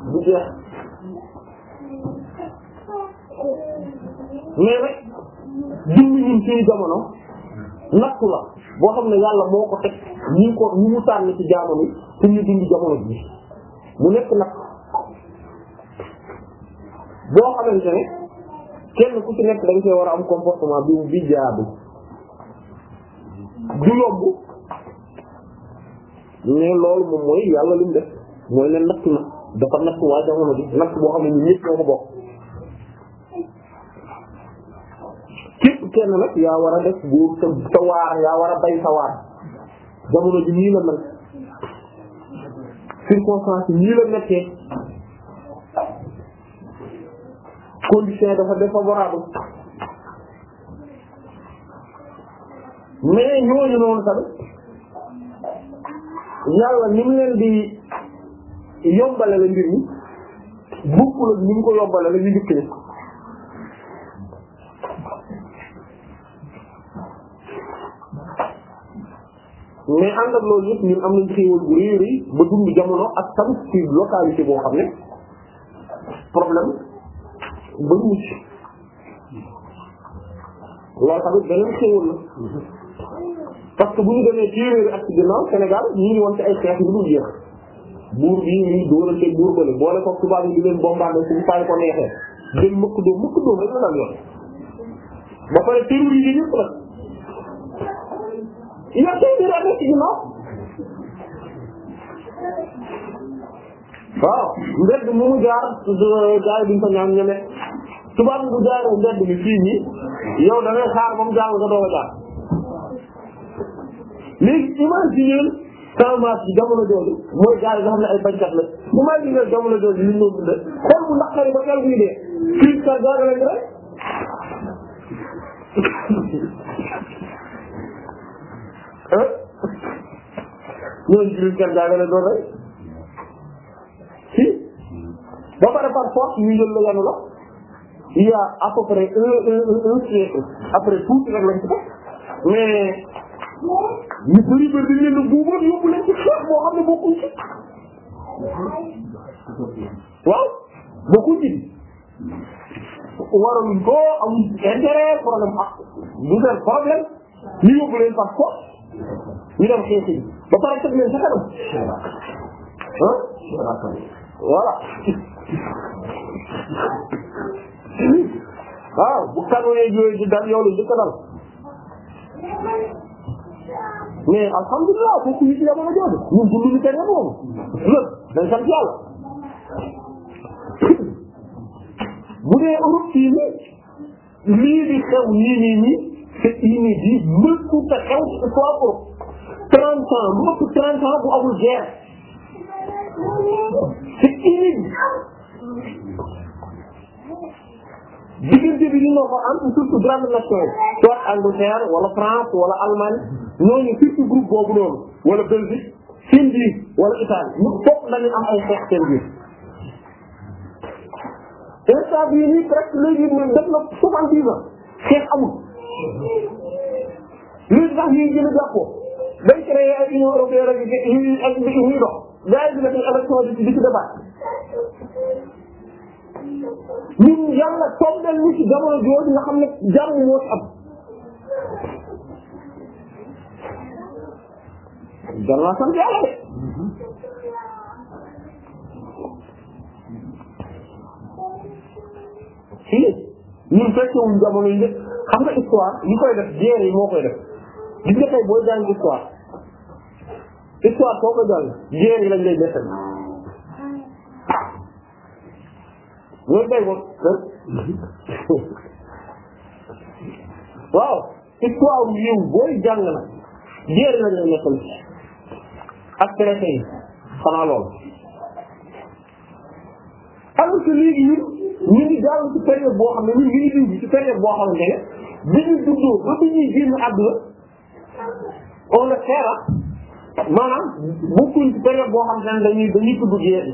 du jeex mais rek dund nattu la boo xam ne yàlla moo ko teg ñu ko ñu mu tànn ci jamono yi pour jamono ji mu nekk nag boo xamante ne kenn ku ci nekk da nga koy war a am comportement bi bi jaadu du yomb mais loolu moom mooy yàlla li mu def mooy ne natt na dafa natt waa jamono ji natt boo xam ne ñu ñëpp ñoo ko bokk kenn nag yaa war a def góor sa waar yaa war a bay sa waar jamono ji nii la mel circonstance nii la nekkee condition dafa défavorable mais ñooñu noonu tamit yàlla ni leen di yombale la mbir bukkul ak ko yombale la ñu dikk mais ànd ak loolu yëpp ñun am nañ xéewal bu rëy rëy ba dund jamono ak tamit ci localité boo xam ne problème ba mucc loolu tamit beneen xéewal la parce que bu ñu demee téeméeri ak ci ginnaaw Sénégal ñu ngi woon ay xeex yu dul jeex buur bii ñuy dóorante buur bële boole ko tubaab yi di leen bombardé suñu fay ko neexee jël mëkk doom mëkk doom rek la daan yor ba pare terroriser ñëpp nag yow tey bii rek ci ginnaaw waaw mbedd mu mu jaar jaay duñ ko ñaan ñeme tubaab bu jaaree mbedd mi fii nii yow da ngay xaar ba mu jaar nga doog a jaar léegi imagine semence bi jamono jooju mooy gars yi nga xam ne ay bañkat la imagine jamono jooju li ñu doon dundee xool bu naqari ba teel muy dee fii sa jaar lañ rek ah ñooñu jullit kenn daa nga leen doon rey si ba pare par force ñu la y a à peu près un un un un siècle après tuuti rek lañ ci def mais ñu bëri bëri dañ leen a buuboon yóbbu leen ci xeex boo xam ne bokkuñ ci waaw bokkuñ ci waraluñ ko am intérêt problème ak du seen problème ñu yóbbu leen par force ñu dem xeex yi ba pare teg leen sa kanam ah voilà waaw bu kanooyee yooyu di dal yow la jëkk dal mais alhamdulilah kooku ñu ci jamono jooju ñun dund ñu kenn moomu loolu dañ sant yàlla bu dee Europe fii lii di xew nii nii nii cette inédit mënut a xew soit pour trente ans lu ëpp trente ans bu amul guerre c'est inédit diggante bi ñu noo ko am surtout grande nation soit Angleterre wala France wala Allemagne ñooñu surtout groupe boobu noonu wala Belgique seen biir wala Italie ñu foog dañu am ay xeex seen biir instant bii nii presque léegi ñun def na soixante-dix xeex amul lii tax ñuy gën a jàppoo day créé ay union européenne ak ñuy ak ñuy dox gars yi di def élection di ci di ci débat ñun yàlla tombel ñu ci jamono jooju nga xam ne jàmm moo ci am danaa sant yàlla de yi njëkk xam nga histoire ñi koy def jéer yi moo koy def gis nga tey boo jàng histoire histoire soo ko jàng jéer yi lañ lay nettali loolu tey moom *laughs* waaw histoire yiw booy jàng na jéer yi lañ lay nettali ak traité yi xanaa lool alors que léegi ñun ñu ngi jàll ci période boo xam ne ñun ñu ngi dund ci période boo xam ne bi ñu juddoo ba bi ñuy on le sera maanaam bokkuñ ci période boo xam ne dañuy dañuy tudd guerre yi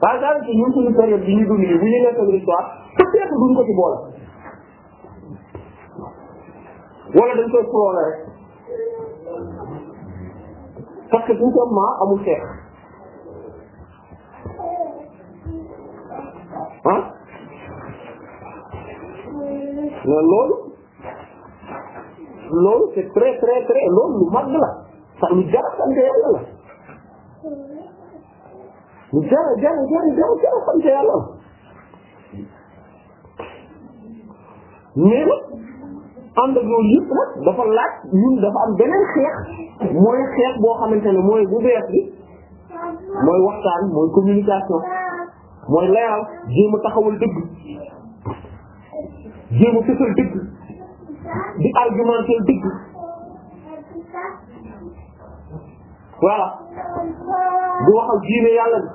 par exemple ñun suñu période bi ñu dund nii bu ñu nekkee histoire peut-être duñ ko ci wala dañ koy prolé rek parce que tout simplement amul xeex ah loolu c'est très très très loolu lu mag la sax lu jar a la lu jar a jar a jar a jar a la mais nag ànd ak loolu mooy xeex boo xamante ne mooy bu bees mooy waxtaan mooy communication mooy leeral jéem a taxawal dëgg jéem a fësal di argumenter dëgg voilà du waxal diine yàlla bi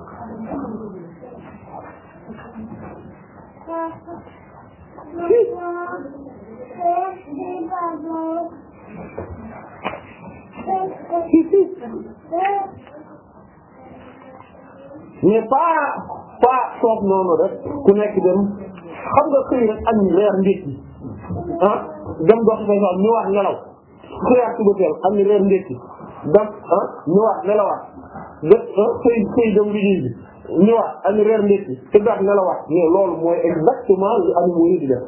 mais pas pas soof noonu rek ku nekk dem xam nga xëy rek añ leer ndéet yi ah dem gox bi sax ñëwaat nelaw xëyaat suba teel am ni reer ndekki dem ah ñëwaat nelawaat def ah xëy xëy dem liggéey bi ñëwaat am ni reer ndekki tëddaat nelawaat mais loolu mooy exactement li am mooy di def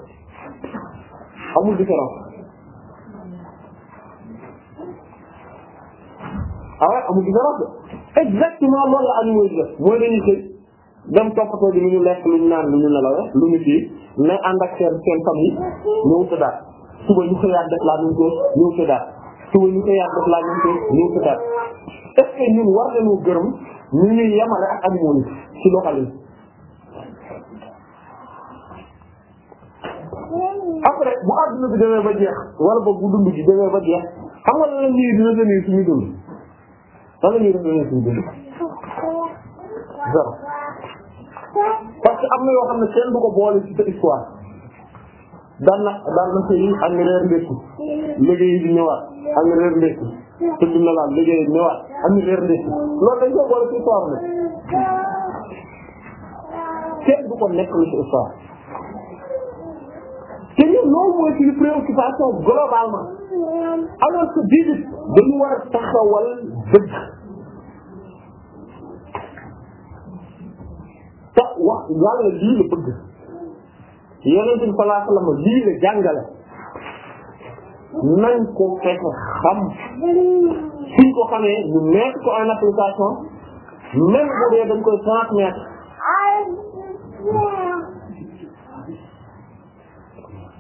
amul différence. ah ouais amul exactement loolu la am mooy di def mooy dañuy xëy dem toppatoo di lu ñu lekk lu ñu naan lu ñu nelawee lu ñu kii. mais ànd ak seen seen famille ñëw tëddaat suba ñu xëyaat def la même chose ñëw tëddaat suba ñu xëyaat def la même chose ñëw tëddaat est-ce que ñun war nañu gërëm ñu ñuy yemale ak animaux yi ci local yi après bu àdduna bi demee ba jeex wala ba bu dund bi demee ba jeex xam nga lan la ñuy dina demee suñu dund lan la ñuy def suñu dund zéro parce que am na yoo xam ne kenn du ko boole ci sa histoire daan na daan na sëy am reer ndekki liggéey bi ñëwaat am reer ndekki tëdd na laal liggéey bi ñëwaat reer ndekki loolu dañ ko boole ci histoire bi kenn du ko nekk lu ci histoire te ñun loolu mooy suñu préoccupation globalement alors que bii dañu war a taxawal dëgg tax wax yàlla lii la bëgg yonent bi sallallahu alayhi wa sallam lii la jàngale nañ ko fekk xam suñ ko xamee ñu mettre ko en application même bu dee dañ koy transmettre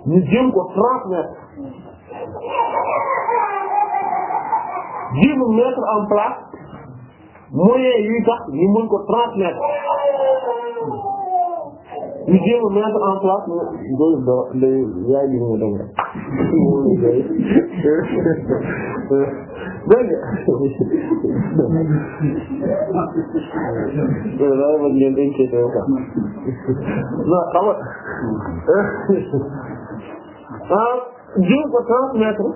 ñu jéem ko transmettre jéem mettre en place moyen yuy tax ñu mën ko transmettre ñu a mettre en place loolu non xam nga ah jéem ko transmettre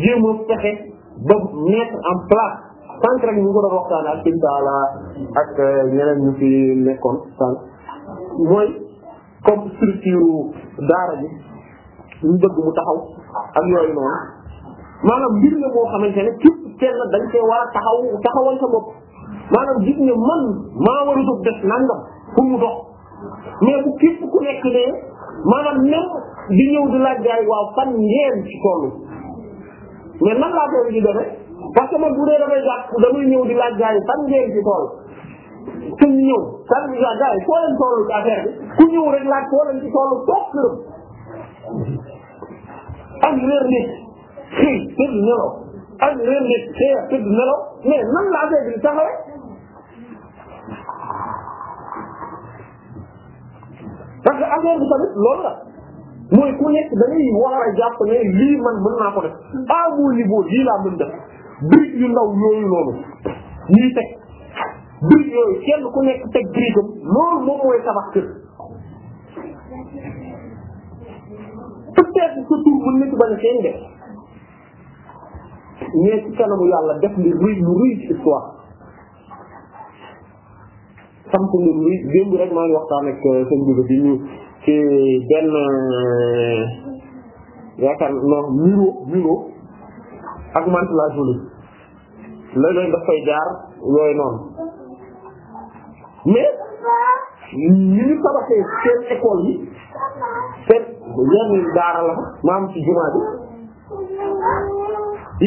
jéem a fexe ba mettre en place sànq rek ñu ko doon waxtaan ak Sine Talla ñu fi nekkoon mooy comme structure daara bi ñu bëgg mu taxaw ak yooyu noonu maanaam mbir la moo xamante ne képp kenn dañ koy war a taxaw taxawal sa bopp maanaam gis ne man maa war a jóg def nangam pour mu dox mais bu képp ku nekk ne maanaam même di ñëw di laaj gaay waaw fan ngeen ci tollu mais nan laa doon di demee parce que man bu dee damay jàpp damay ñëw di laaj gaay fan ngeen ci toll. te ñu ñëw sànq yi gars yi foo leen toll ci affaire bi ku ñëw rek laaj foo leen ci toll toog këram ak réer nit xëy tëdd nelaw ak réer nit xëy tëdd nelaw mais nan la affaire bi di taxawee. parce que affaire bi tamit loolu la mooy ku nekk da ngay war a jàpp ne lii man mën naa ko def à mon niveau lii laa mën def brique yu ndaw yooyu loolu ñuy teg. biir yooyu kenn ku nekk teg biiram loolu moom mooy tabax kër peut sa tur mën na ci bañ a seen def mais ci kanamu yàlla def li ruy lu ruy histoire samp lu ruy démb rek maa ngi waxtaan ak seen duga bi ñu ci benn euh, yaakaar non muro muro ak mantelage lu léeg-léeg daf jaar yooyu noonu mais ni ñu tabaxee seen école yi seen yenn daara la maam ci jumaa bi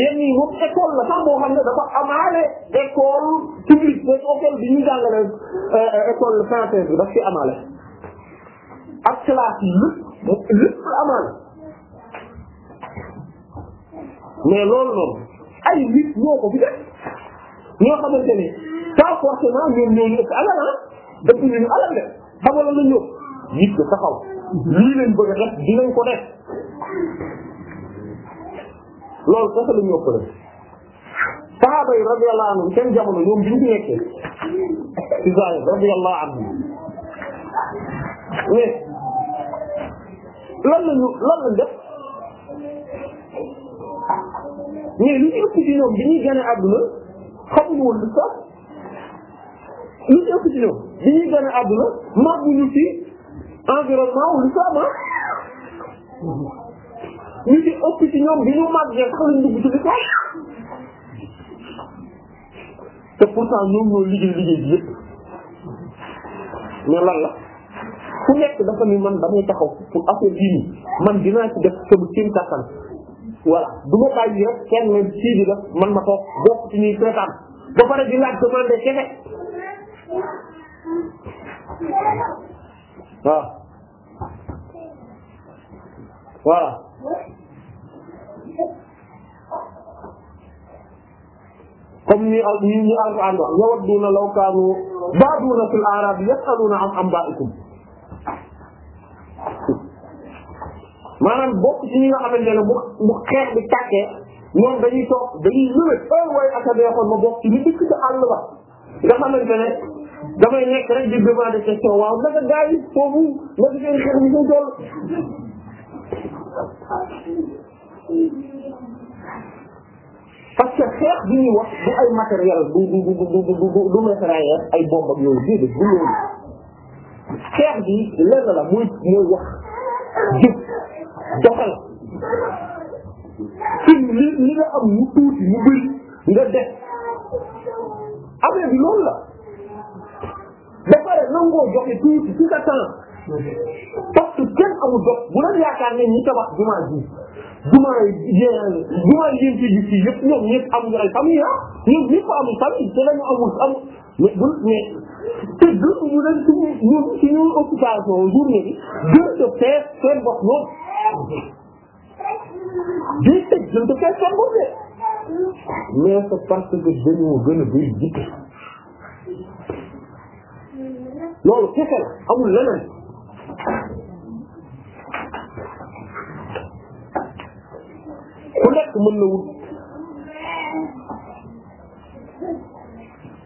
yenn yi moom école la sax boo xam ne dafa amaale école publique boobu école bi ñu jàngale euh, école française bi daf ci amaale ak classe yi lépp lépp la amaale mais loolu noonu ay nit ñoo ko fi def ñoo xamante ne pas forcément ñoom ñoo ñu ëpp alal ah ëpp ñu alal de xamaloon nañ ñëpp nit ko taxaw lii leen bëgg a def dinañ ko def loolu sax la ñu ëppale. saxaaba yi radiyallahu anhum seen jamono ñoom bi ñu fi nekkee ci zahir radiyallahu anhum mais lan lañu lan lañ def mais li ci ëpp ci ñoom bi ñuy gane xamuñu woon lu sax ñu ëpp ci ñoom bi ñuy gën a àdduna màgguñu ci environnement wu l'islam ah. ñu ci ëpp ci ñoom bi ñu màggee sax lañ dugg ci l'islam te pourtant ñoom ñoo liggéey liggéey bi yëpp mais lan la ku nekk dafa ni man damay taxaw pour affaire bii nii man dinaa ci def sama kéem kattan voilà du ma bàyyi rek kenn sii man ma toog bokk ci ñuy seetaan ba pare di laaj demande kese waaw voilà comme ni al ni ñu Alxuraan wax law kaanu baaduuna fil a'raabi yas'aluuna an anbaa'ikum maanaam bokk ci ñi nga xamante ne bu bu xeex bi tàkkee ñoom dañuy toog dañuy lëwét ay way aka deexoon ma bokk ci li dëkk ci àll ba nga xamante ne damay nekk rek di demander question waaw naka gaa yi foofu naka seen xeex bi ñu toll parce que xeex bi ñuy wax du ay matériel du du du du du matériel ay bomb ak yooyu déedéet du loolu xeex bi lenn la muy mooy wax jëf doxal ci li li nga am mu tuuti mu bëri nga def affaire bi loolu la ba pare nangoo joxe tuuti ci sa temps parce que kenn amul dox bu leen yaakaar ne ñi tabax jumaa ji jumaa yéen jumaa yéen ci gis yi yëpp ñoom ñëpp amuñu ay famille ah ñoom ñëpp amul famille te dañu amul amul mais bu mais te gën mu leen suñu ñun suñu occupation journée bi gën a fees seen bopp ñoom day tëj dañ ko koy sàmmonte mais c'est parce que dañoo gën a bëri jikko loolu kese la amul leneen ku nekk mën na wut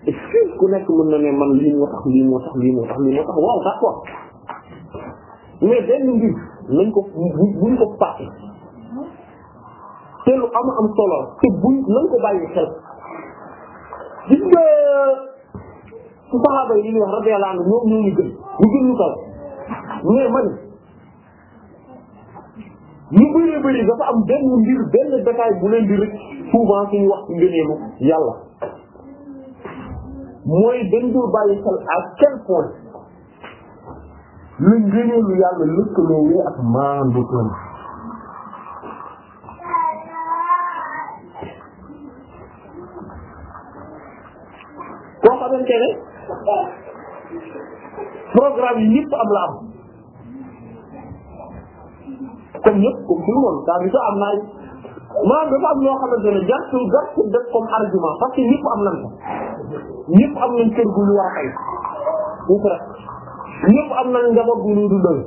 excuse ku nekk mën na ne man lii moo tax lii moo tax lii moo tax lii moo tax waaw d'accord mais benn mbir nañ ko buñ ko fàtte te lu am am solo te buñ nañ ko bàyyi xel gis nga su saxaaba yi ñuy wax radiyallahu anhu ñoom ñoo ñu gën ñu gën kaw mais man lu bëree bëri dafa am benn mbir benn détail bu leen di rek souvent suñu wax ci ngëneelu yàlla mooy dañ dul bàyyi xel à quel point la ngëneelu yàlla lëkkaloo wee ak maandu tam koo xamante ne programme yi yëpp am la am comme ñëpp comme tout le monde daa bi sa am naa maanaam dafa am ñoo xamante ne jartu jartu def comme argument parce que ñëpp am nañ ko ñëpp am nañ kër gu ñu war ñëpp am nañ njaboot bu ñu dundal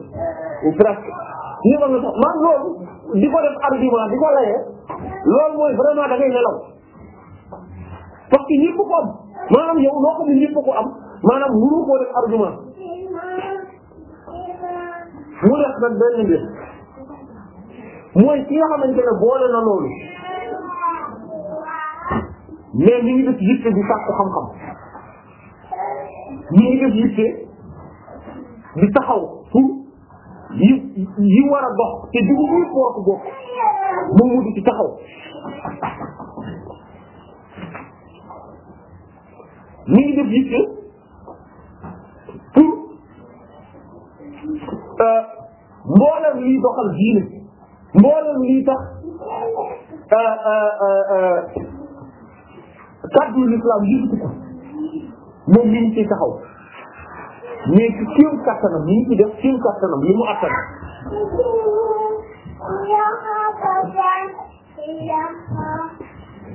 presque ñëpp am na sax man loolu di ko def argument di ko layee loolu mooy vraiment da ngay nelaw parce que ñëpp ko am maanaam yow loo xam ne ñëpp ko am maanaam mënu koo def argument mu def nag benn mbir mooy ki nga xamante ne boole na loolu mais mi ngi def yitte di sàkku xam-xam mi ngi def yitte di taxaw pour yi yi war a dox te jiwu muy kooku bokk moom mu di ci taxaw mi ngi def yitte pour euh, mboolem liy doxal diine mboolem liy tax euh, euh, kàddu l'islam yëkkati ko moom mi ngi ciy taxaw. mais ci kéem kattanam li ñu li mu attan.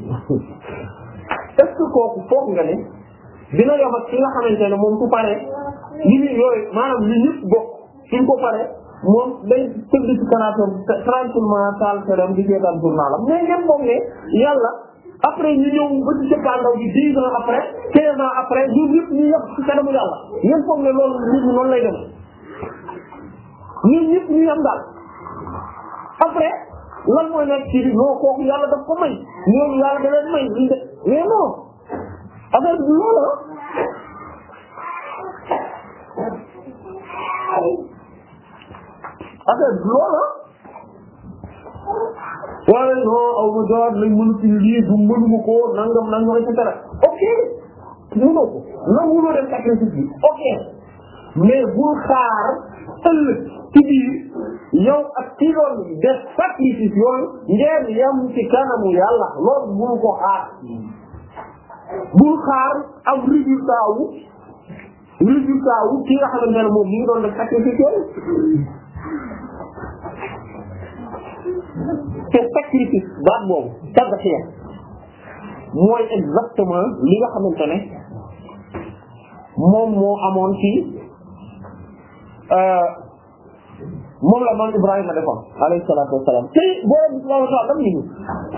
*laughs* est kooku foog nga ne dina yem ak ki nga moom ku pare li ñu yooyu maanaam li ñëpp bokk suñ ko pare moom day tëdd ci canapé tranquillement taal këram di seetaan journalam mais ñëpp moom ne yàlla. après ñu ñëw ba ci cëppaandaw bi dix ans après quinze ans après ñun ñëpp ñu yàq ci kanamu yàlla ñeen foog ne loolu nit ñi noonu lay dem ñun ñëpp ñu yam daal après lan mooy nekk ci non kooku yàlla daf ko may ñoom yàlla da leen may ñu de mais non affaire bi loolu affaire bi loolu wala non aw ma mën a lii du mënuma koo nangam nangam et cetera ok mënoo ko nanguwuloo dem sacrifice bi ok mais bul xaar ëllëg ci biir ak ci doon ngeen yem ci kanamu yàlla loolu bul ko xaar bul xaar am résultat wu ki nga xamante ne moom mi ngi te sacrifice baat boobu tadxiya mooy exactement li nga xamante ne moom moo amoon ci euh, moom la man Ibrahima defoon alayhi salaatu wa salaam te borom subhaanahu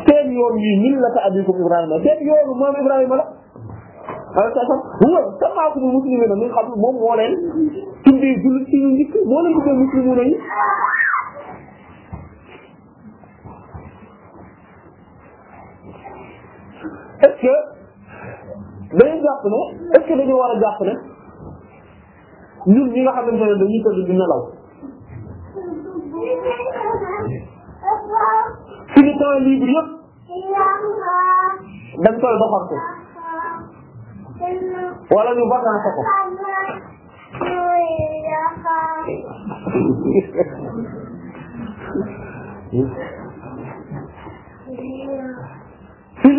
seen yoon yi millata abikum Ibrahima seen yoonu moom Ibrahima la alayhi salaam huwa samaakum muslimiina min qabl moom moo leen tuddee jullit ci ñu njëkk moo leen tuddee muslimuuna yi est-ce que dañuy jàpp ne est-ce que dañu war a jàpp ne ñun ñi nga xamante ne dañuy tëdd di nelaw suñu temps libre yëpp dañ koy doxal ko wala ñu vacance ko *laughs*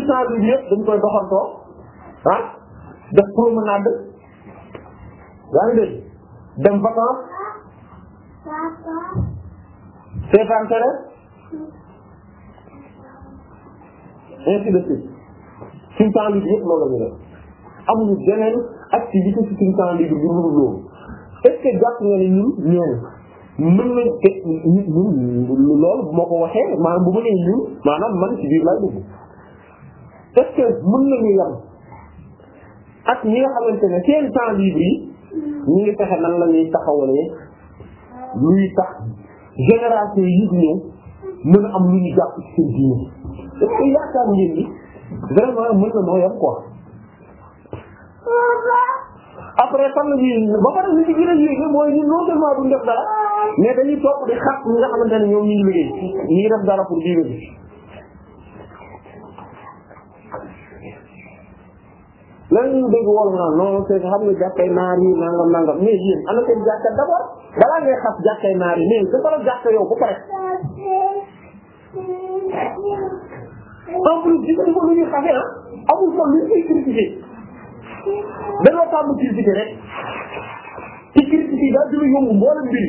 distance bi yëpp dañ koy doxantoo ah def promenade yaa a dégg dem vacances seetaan télé ainsi de suite suñu temps libre yëpp loolu la ñu def amuñu beneen activité ci suñu temps libre bi mënul loolu est-ce que jàpp nga ne ñun ñooñu mën nañ te ñun loolu moo ko waxee maanaam bu ma nee ñun man ci biir laay est-ce que mën nañu yam ak ñi nga xamante ne seen temps libre yi ñu ngi fexe nan la ñuy taxawalee luy tax génération yi di ñëw mën a am lu ñu jàpp ci seen diine est-ce a yéege mooy def dara mais dañuy topp di xat ñi nga xamante ne ñoom ñu ngi liggéey ñuy def dara pour diine bi lan ñu dégg wolof naan non c'est xam nga jàkkay naar yi nangam nangam mais yéen ana seen jàkka d'abord balaa ngay xas jàkkay naar yi dafa la jàkka yow ba pare. en plus gis nga lu ñuy ah, lu yomb mboolem mbir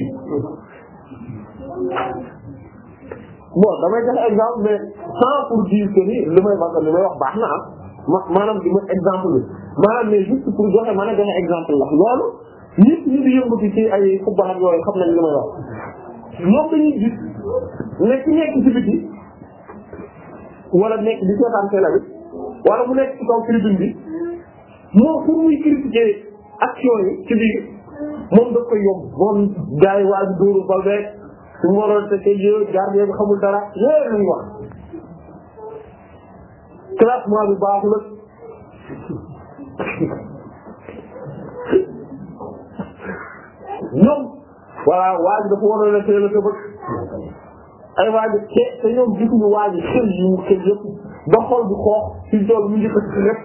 bon damay joxe exemple mais sans pour dire que ni may wax li may wax baax na ah. ma maanaam di ma exemple bi maanaam mais juste pour joxe mën a joxe exemple la loolu nit ñi di yëngatu ci ay football ak yooyu xam nañ la may wax moom dañuy gis ne ci nekk ci biti wala nekk di seetaan télé bi wala mu nekk ci kaw tribune bi moom pour muy critiquer action yi ci biir moom daf koy yomb moom gars yi waa ji dóoru bal mu dara yooyu la ñuy classement bi baax la ñoom voilà waa ji dafa waroon a teel a sa bëgg ay waa ji te te ñoom gisuñu waa ji xel yi mu xel yëpp ba xol bu xoox ci tool mu ngi ko ci rek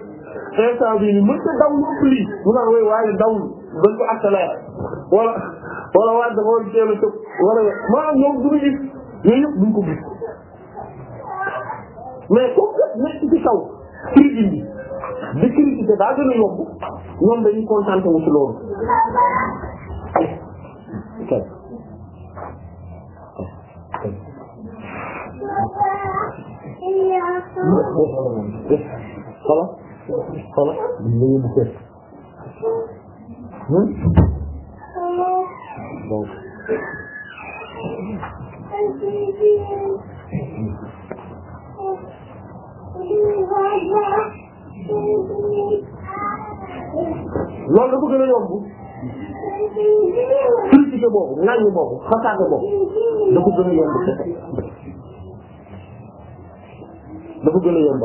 instant bii nii mënut a daw lu ëpp lii mu naan way waa ji dawul bañ ko accéléré wala wala waa ji dafa war a mais comme que nekk ci kaw critique bi di critiquer daa gën a yomb ñoom dañuy concentré wu ci loolu. voilà voilà. donc. loolu dafa gën a yomb critique boobu ŋaññi boobu xasaate boobu dafa gën a yomb kese dafa gën a yomb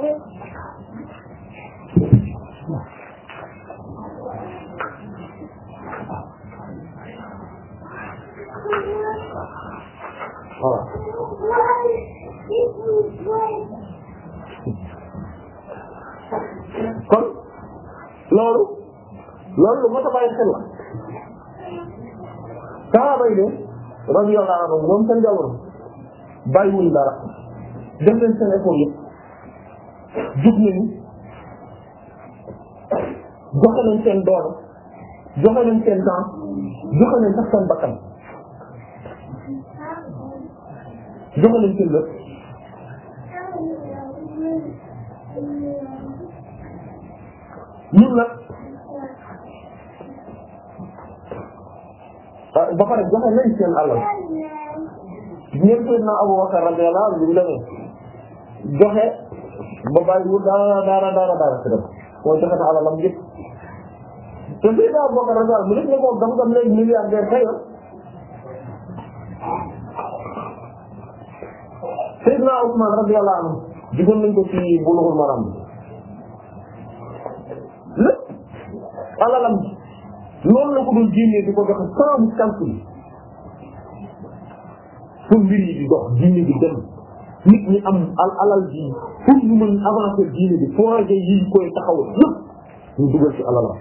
rek Oh. kon loolu loolu lu mot a xel la saaba yi de radiyallahu anhum moom seen jamono bàyyiwuñ dara def nañ seen effort yëpp jug nañu joxe nañ seen doole joxe nañ seen temps joxe nañ sax seen bakkan joxe nañ seen lépp ñun nag ah, ba pare joxe nañ seen alal ñeent na Abu Bakar radiyallahu anhu bi mu demee joxe ba bàyyi wut dara dara si dem mooy joxe na alalam yëpp te Seydina Abu Bakar radiyallahu anhu mu nekk ne ko dama ko léegi milliardaire xëy na Seydina Ousmane radiyallahu anhu gisoon nañ ko ci Bulughul Maram lépp alalam loolu la ko doon di ko joxe sans bu calcul pour di dox diine bi dem nit ñi am al alal ji pour ñu mën avancer diine bi projet yi koy taxawal lépp ñu dugal ci alalam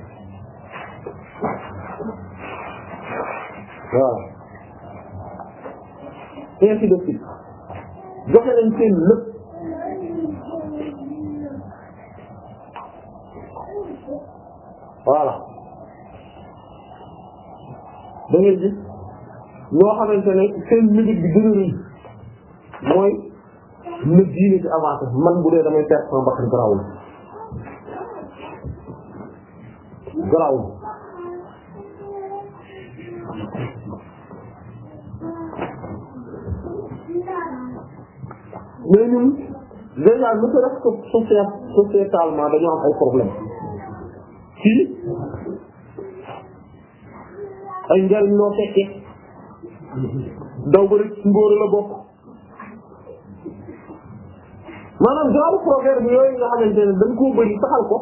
waaw ainsi de suite joxe nañ seen lépp voilà da ngeen gis ñoo xamante ne seen musique bi gën a mooy na diine di avancé man bu dee damay perte sama bakkan garaawul garaawul mais ñun déjà lu ko def ko société sociétalement dañoo am ay problème ci ay njariñ noo fekke daw ba rek ngóor la bokk maanaam genre programme yooyu nga xamante ne dañ koo bëri saxal ko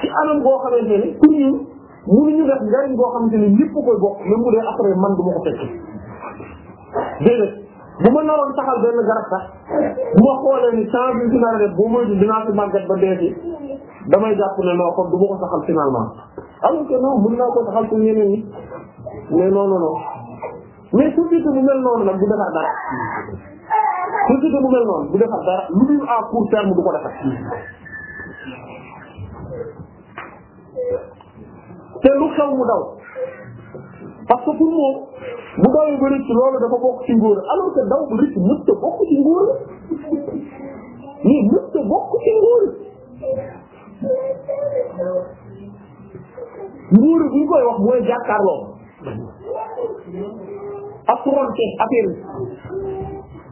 ci anam boo xamante ne pour ñun mënuñu def njariñ boo xamante ne ñëpp koy bokk même bu dee après man du ma ko fekk déedéet bu ma naroon taxal benn garab sax bu ma xoolee ni temps bi final def boo moytu dinaa fi màggat ba dee ci damay jàpp ne non kon du ma ko taxal finalement alors que non mën naa ko taxal pour ñeneen ñi mais non non non mais société bu mel noonu nag du defar dara société bu mel noonu du defar dara lu dul à court terme du ko defar te lu xew mu daw parce que pour bu dawee ba rëcc loolu dafa bokk ci ngóor alors daw bu rëcc mës ta bokk ci ngóor mais ta bokk ci ngóor ngóor bu ñu koy wax mooy jàkkaarloo affronté affaire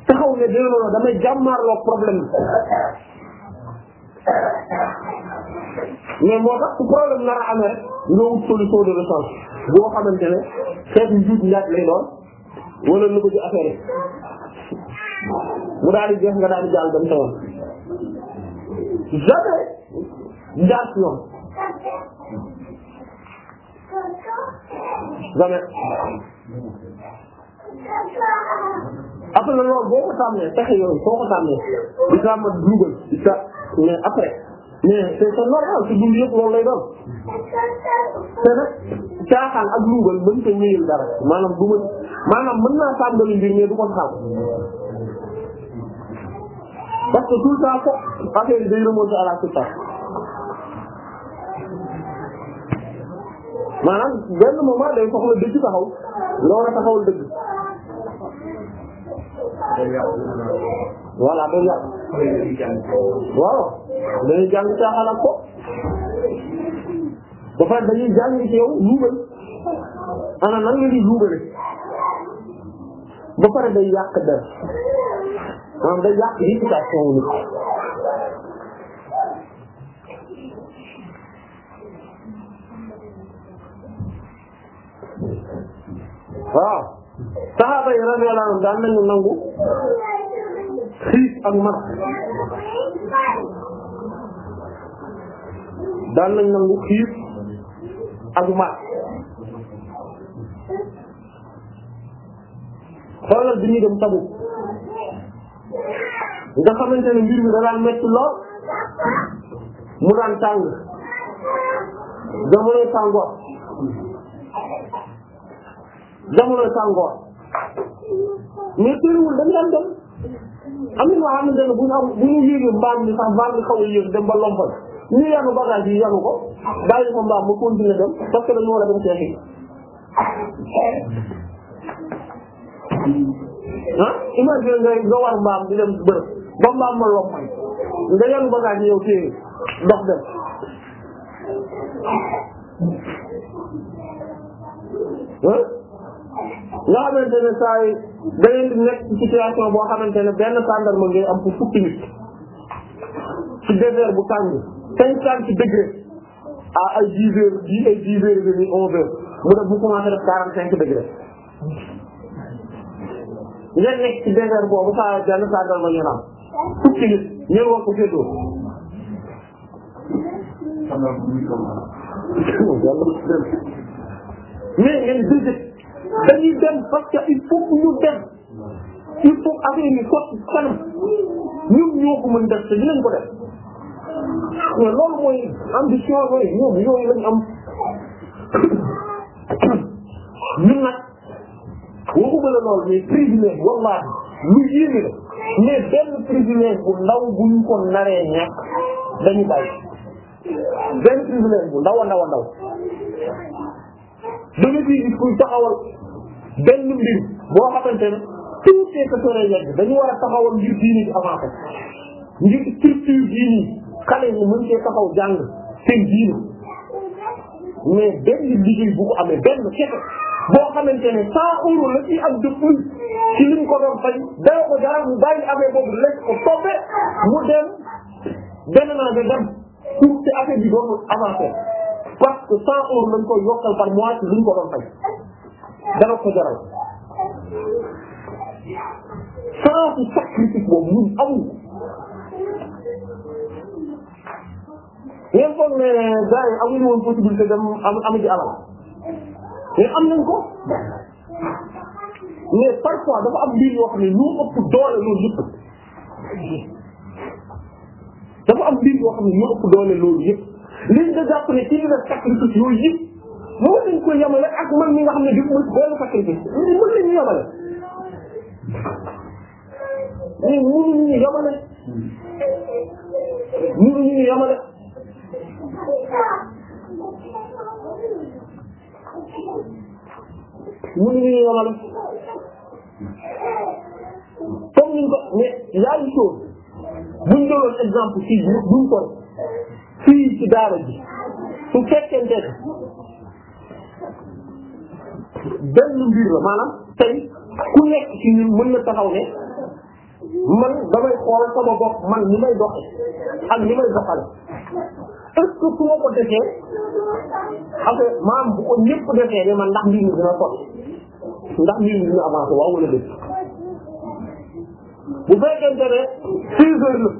taxaw ne dina loolu damay jàmmaarloo problème mais moo tax su problème nar amee rek nga wut solution de rechange boo xamante ne xeetu njuut njaaj lay doon wala lu ko ci affaire mu daal di jeex nga daal di jàll dem tawam jamais jaar ci ñoom jamais boo ko tàmmee pexe yooyu soo ko tàmmee di tàmmat dugal di ta mais après mais c'est normal ci dund yëpp loolu lay doon te nag caaxaan ak luubal mën ta ñëyal dara maanaam du ma maanaam mën naa sàmbali mbir mais du ko xam parce que tout le temps fo affaire yi day remonter à la surface maanaam benn moment day soxla dëgg taxaw loolu taxawul dëgg voilà day yàq waaw dañuy jàng caaxaan ak ko ba pare dañuy jàng ci yow luubal ana nan nga di luubale ba pare day yàq der maanaam day yàq réputation wu nit waaw saxaaba yi radiyallahu anhum daan nañu nangu xiif ak mar daan nañ nangu xiif ak mat xoolal bi ñuy dem Tabuk nga xamante ne mbir mi da daan metti lool mu daan tàng jamonoy tàngoor jamonoy tàngoor mais teewul dañ daan dem am na ñoo xamante ne bu ñu am bu ñu yéegee mbaam mi sax mbaam mi xaw a yéeg dem ba lompal ñu yanu bagage yi yanu ko bàyyi ko mbaam mu continuer dem parce que dañu war dem seeti ah imagine nga nga war mbaam di dem bërëb ba mbaam ma lom nga yanu bagage yi yow dox dem ah nga xamante ne saa yi da ngeen di boo xamante ne benn tàndar ma ngay am pour fukki nit ci désert bu tàng cinquante degrés à ay dix heures dix ay dix heures et demie onze heures mu def bu commencé def quarante cinq degrés ngeen nekk ci saa benn saa dal ba ñu naan fukki nit ñeen war ko séddoo mais ngeen déedéet dem parce que il faut ñu dem il faut affaire yi ko kanam ñun ñoo ko mën def te dinañ ko def mais loolu mooy ambition yooyu ñoom yooyu lañ am ñun nag waxuma la loolu mais privilège lu yéeme la mais benn privilège bu ndaw buñ ko naree ñàkk dañu bàyyi benn privilège bu ndaw a ndaw a ndaw da nga ciy gis kuy taxawal benn mbir boo xamante ne tout est que sore yegg dañu war a taxawal ngir diini bi avancé ngir structure diini xale yi mën cee taxaw jàng seen diir mais benn liggéey bu ko amee benn kese boo xamante ne cent euros la ci am de plus ci liñ ko doon fay dara ko jaral mu bàyyi affaire boobu lekk ko toppe mu dem benn naa nga dem pour ci affaire bi doon avancer parce que cent euros lañ koy yokkal par mois ci liñ ko doon fay dara ko jaral sans sacrifice boobu ñun amul ngeen foog ne gars yi amuñu dem am alal mais am nañ ko mais parfois dafa am mbir yoo xam ne ñoo ëpp doole loolu yëpp dafa am mbir yoo xam ne ñoo ëpp doole loolu yëpp liñ da ne ci li def sacrifice yooyu yëpp moo dañ ko yemale ak man mi nga xam ne di mën benn sacrifice mën lañu yemale mais mënuñu ñu yemale mënuñu ñu yemale mënuñu yemale comme ni ko mais yaa ngi sóor buñ jëloon exemple fii buñ ko fii ci daara ji su fekkente ne benn mbir la maanaam tey ku nekk ci ñun mën na taxaw ne man damay xoolal sama bopp man ni may doxe ak ni may est-ce que su ma ko defee affaire maanaam bu ko ñëpp defee ne man ndax mbir mi dina sotti ndax mbir mi dina avancé waaw wala déet bu fekkente ne six heures la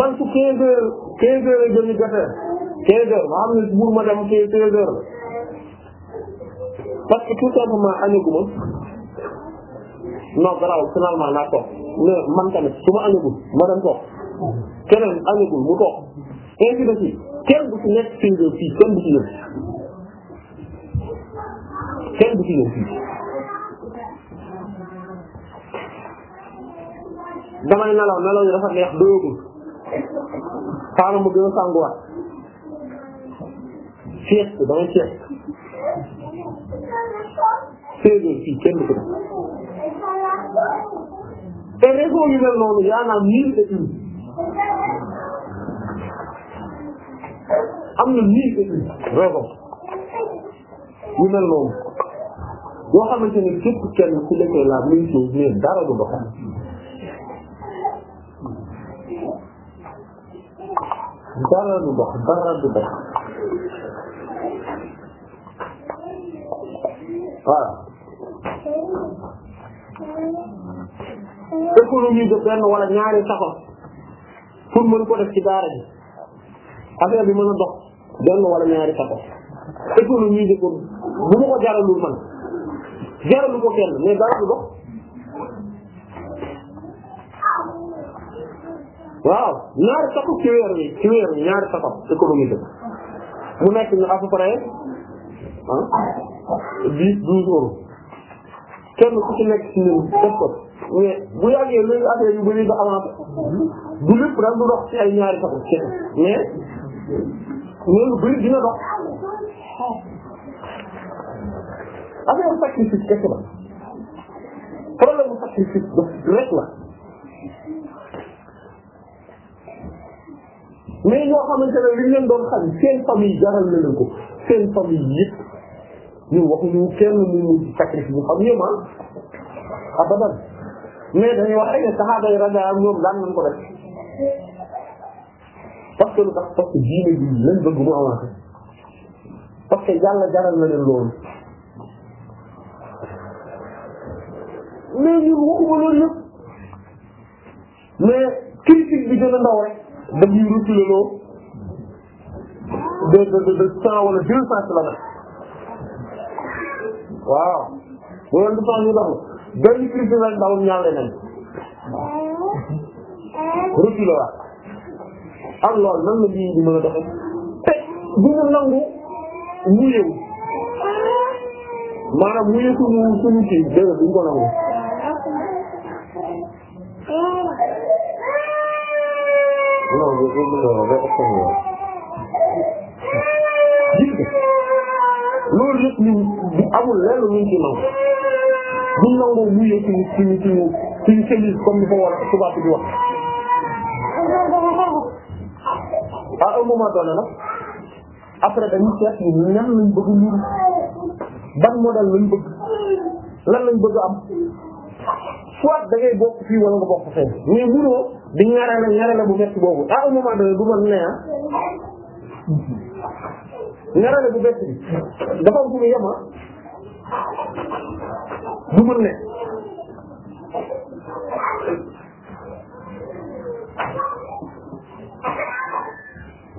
man su quinze heures quinze heures a jëmi jotee quinze heures ma xam ne buur ma dem quinze seize heures parce que tout simplement añaguma non garaw finalement naa toog mais man tamit su ma añagul ma dem toog keneen añagul mu toog ainsi de suite kenn du ci nekk ci réew fii kenn du ci yëngu kenn du ci yëngu damay nelaw nelaw yi dafa neex doyagul xaaral ma gën a sànguwaat sieste damay sieste seize heures fii kenn du ko def te réseau yu mel noonu yaa naa mille et une am na mille et une raisons yu mel noonu yoo xamante ne képp kenn ku nekkee la même chose mais dara du dox dara du dox dara du dox voilà économie de benn wala ñaari saxo pour mën ko def ci daara ji affaire bi mën a dox benn wala ñaari façon économie de ko bu ma ko jaralul man jaralu ko kenn mais dara du dox waaw ñaari façon ci weer wi ci weer wi ñaari façon économie de mu nekk ñu à peu près ah dix douze euros kenn ku ci nekk ci ñun def ko mais bu yàggee léegi affaire yu bëri ba avancé du lépp daal du dox ci ñaari façon loolu bëri dina dox affaire sacrifice kese la problème mu sacrifice daf rek la mais ñoo xamante ne li ñu leen doon xam seen famille jaral na leen ko seen famille yëpp ñun waxuñu kenn mu mujj sacrifice bu xam yéen ah abadan mais dañuy wax ay ne saxaaba yi rajo ñoom daan nañ ko def. parce que lu tax parce que diine bi lañ bëgg mu avancer parce que loolu mais ñun waxuma loolu yëpp mais bi gën a ndaw rek dañuy reculer loo de de de cent wala deux cent kilomètres waaw wala du temps ñu dox benn critique rek ndaw ñaale nañ reculer ak loolu nan la lii di mën a doxee te bu ñu nangu mu yeewu maanaam mu yeewu suñu suñu kii dégg nga duñ ko nangu. non mais du ñu doon rek ak gis nga loolu yëpp ñu du amul lenn lu ñu ci nangu duñ nangu mu yeewu suñu suñu suñu suñu service comme ni ko war a tubaab di wax. moment donné nag après dañuy seet yi ñan lañ bëgg niru ban modèle lañ bëgg lan lañ bëgg am soit da bokk fii wala nga bokk fee mais mënoo di ñaareel ñaareel bu metti boobu à un moment donné du ma ne ah bu metti bi dafa am mu yem ah, du ma ne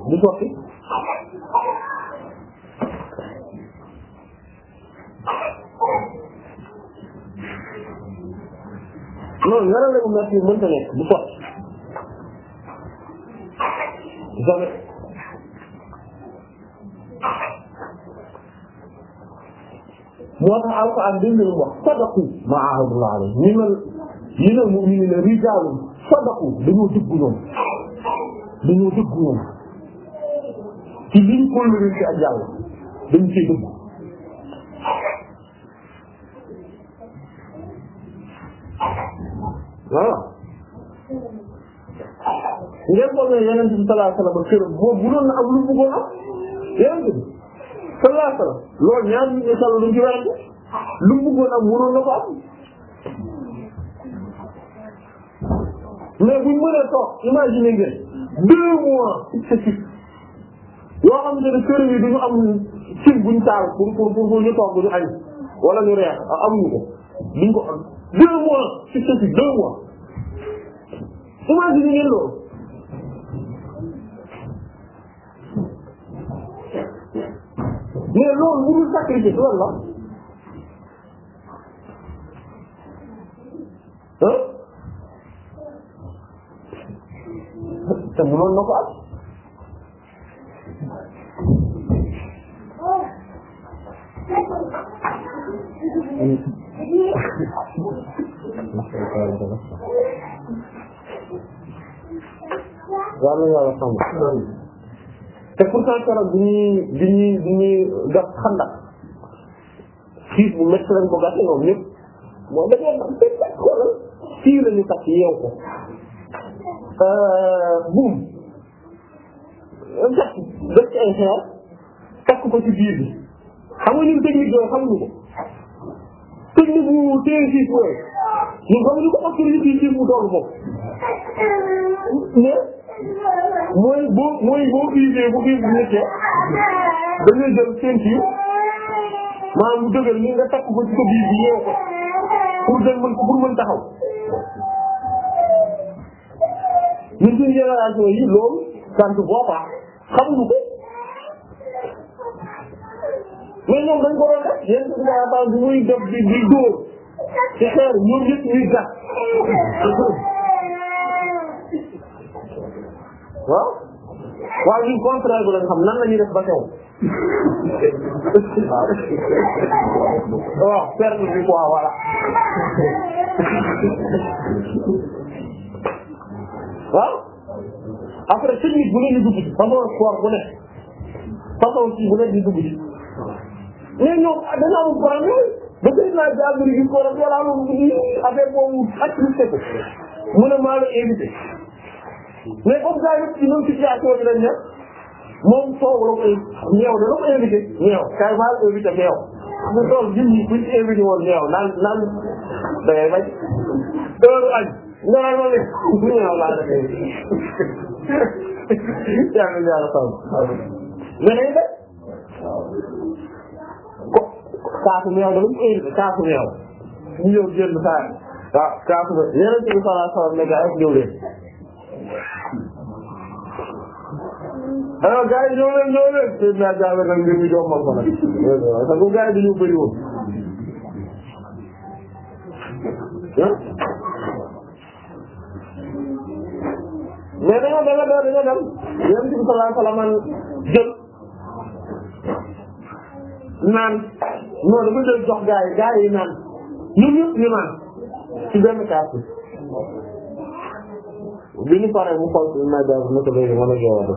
du sotti non ñaareel la bu métti yi mënta nekk du sotti jamais moo wax sadaqu ma ahadullah alayhi ñu ne ñu ne mu ñu ne rijaalun sadaqu dañoo dëgg ñoom dañoo ci liñ kóllëre ci ak yàlla dañ cee dëgg voilà ngeen xool ne yeneen bi sallallahu alayhi wasallam kër boobu bu doon na am lu bëggoon am yeneen bi sallallahu alayhi wasallam loolu ñaar ñi incha allah duñ ci werante lu bëggoon am mënoon na ko am mais buñ mënee toog imaginer ngeen deux mois successifs yoo xam ne kër yi du ñu am cin buñ taal pour pour pour ñu toog ñu añ wala ñu reer amuñu ko duñ ko am deux mois ci sa si deux mois imagine ngeen loolu mais loolu lu dul sacrifice loolu la ah te mënoon na ko am waaw nañu yàlla sàmm te pourtant keroog bi ñuy bi ñuy bi ñuy gas xandak xiif bu métti lañ ko gasee ñoom ñëpp mooy da ngeen am benn xoolal fii la ñu tax yeew ko euh, buum gas def ci ay xeer takk ko ci biir bi xam nga ñun technique yooyu xamuñu ko technique bu téye six yooyu ñun xamuñu ko obtenir ci six bu toll foofu mais mooy boo mooy boo gisee bu gis nekkee dañuy jël ceinture maanaam bu dëgër ni nga takk ko ci ko biir bi ñëw ko pour dem mën pour mën taxaw ñun suñu génération yi loolu sant boo baax xamuñu ko. mais ñoom dañ ko doon def bi muy di di dóor ci xeer ñoom ñëpp ñuy gas waaw waaye ñun contraire bi lañ xam nan la ñuy def ba teew waaw perte bi quoi voilà waaw après technique bu ne ñu dugg ci ne façon ci bu ne ñu dugg ci mais ñoom dañoo am problème ba tey naa jaagir yi ko rek yàlla amul affaire boobu attribué ko mu ne maa la invité mais comme ça yëpp ci même situation bi lañ nekk moom soow la koy ñeew dana ko invité ñeew kay maa la invité ñeew mu tool jim yi buñ ci invité woon ñeew naan naan da ngay bañ heure añ nga naan ma ne ñeew laa la invité yàlla yàlla xam mais nañ def kaasu meew ba lu mu indi kaasu meew ñu ñëw génn saa yi ah, waaw kaasu meew yeneen ci bi sallallahu alayhi wasallam ne gaa yi ñëw leen alors gaa yi ñëw leen ñëw leen te naa jaawe nag mbir mi jombal ko nag parce que gaa yi dañoo bëri woon mais dañoo dala doo dañoo dal yeneen ci bi sallallahu alayhi wasallam jël naan non dafa jël jox gaa yi gaa yi naan ñun ñëpp ñu naan ci benn kaas bi. bi ñu paree mu xool suñu naaj daal naka lay mën a jox wàllu.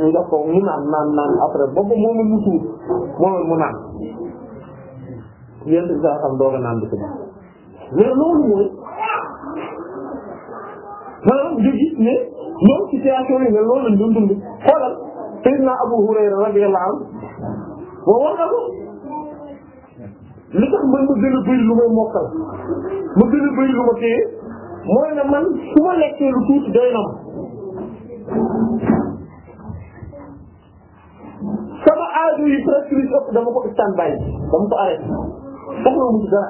ñu def ko mu naan naan naan après bopp moom la ñu tuur moom la mu naan yéen saa xam doog a naan di ko def mais loolu mooy maanaam nga gis ne loolu situation yi nga loolu lañ doon dund xoolal. Seydina Abu Hurayra radiyallahu anhu boo war na ko li tax man ma gën a lu may mokkal ma gën a lu ma téye mooy ne man su ma lu tuuti doy na ma sama aajo yi presque li ëpp dama ko standby dama ko arrêté soxla mu ci dara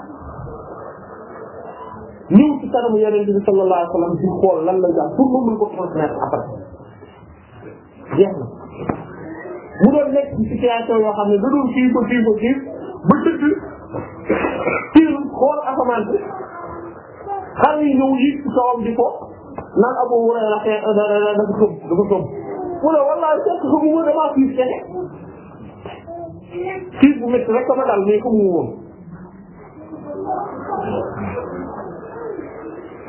ñëw ci kanamu Yonent bi sallallahu alayhi wa sallam ci xool lan la ñu am ko transmettre après jeex mu doon nekk ci situation yoo xam ne da doon kii ko kii ko kii ba tëdd kii xool asamaan si xar yi ñëw yi ci kawam di ko naan Abu Hurayra dafa sëm dafa sëm mu ne wallaahi fekk ko mu wër damaa fiif kene fiif bu métti rek sama dal mais ko mu woon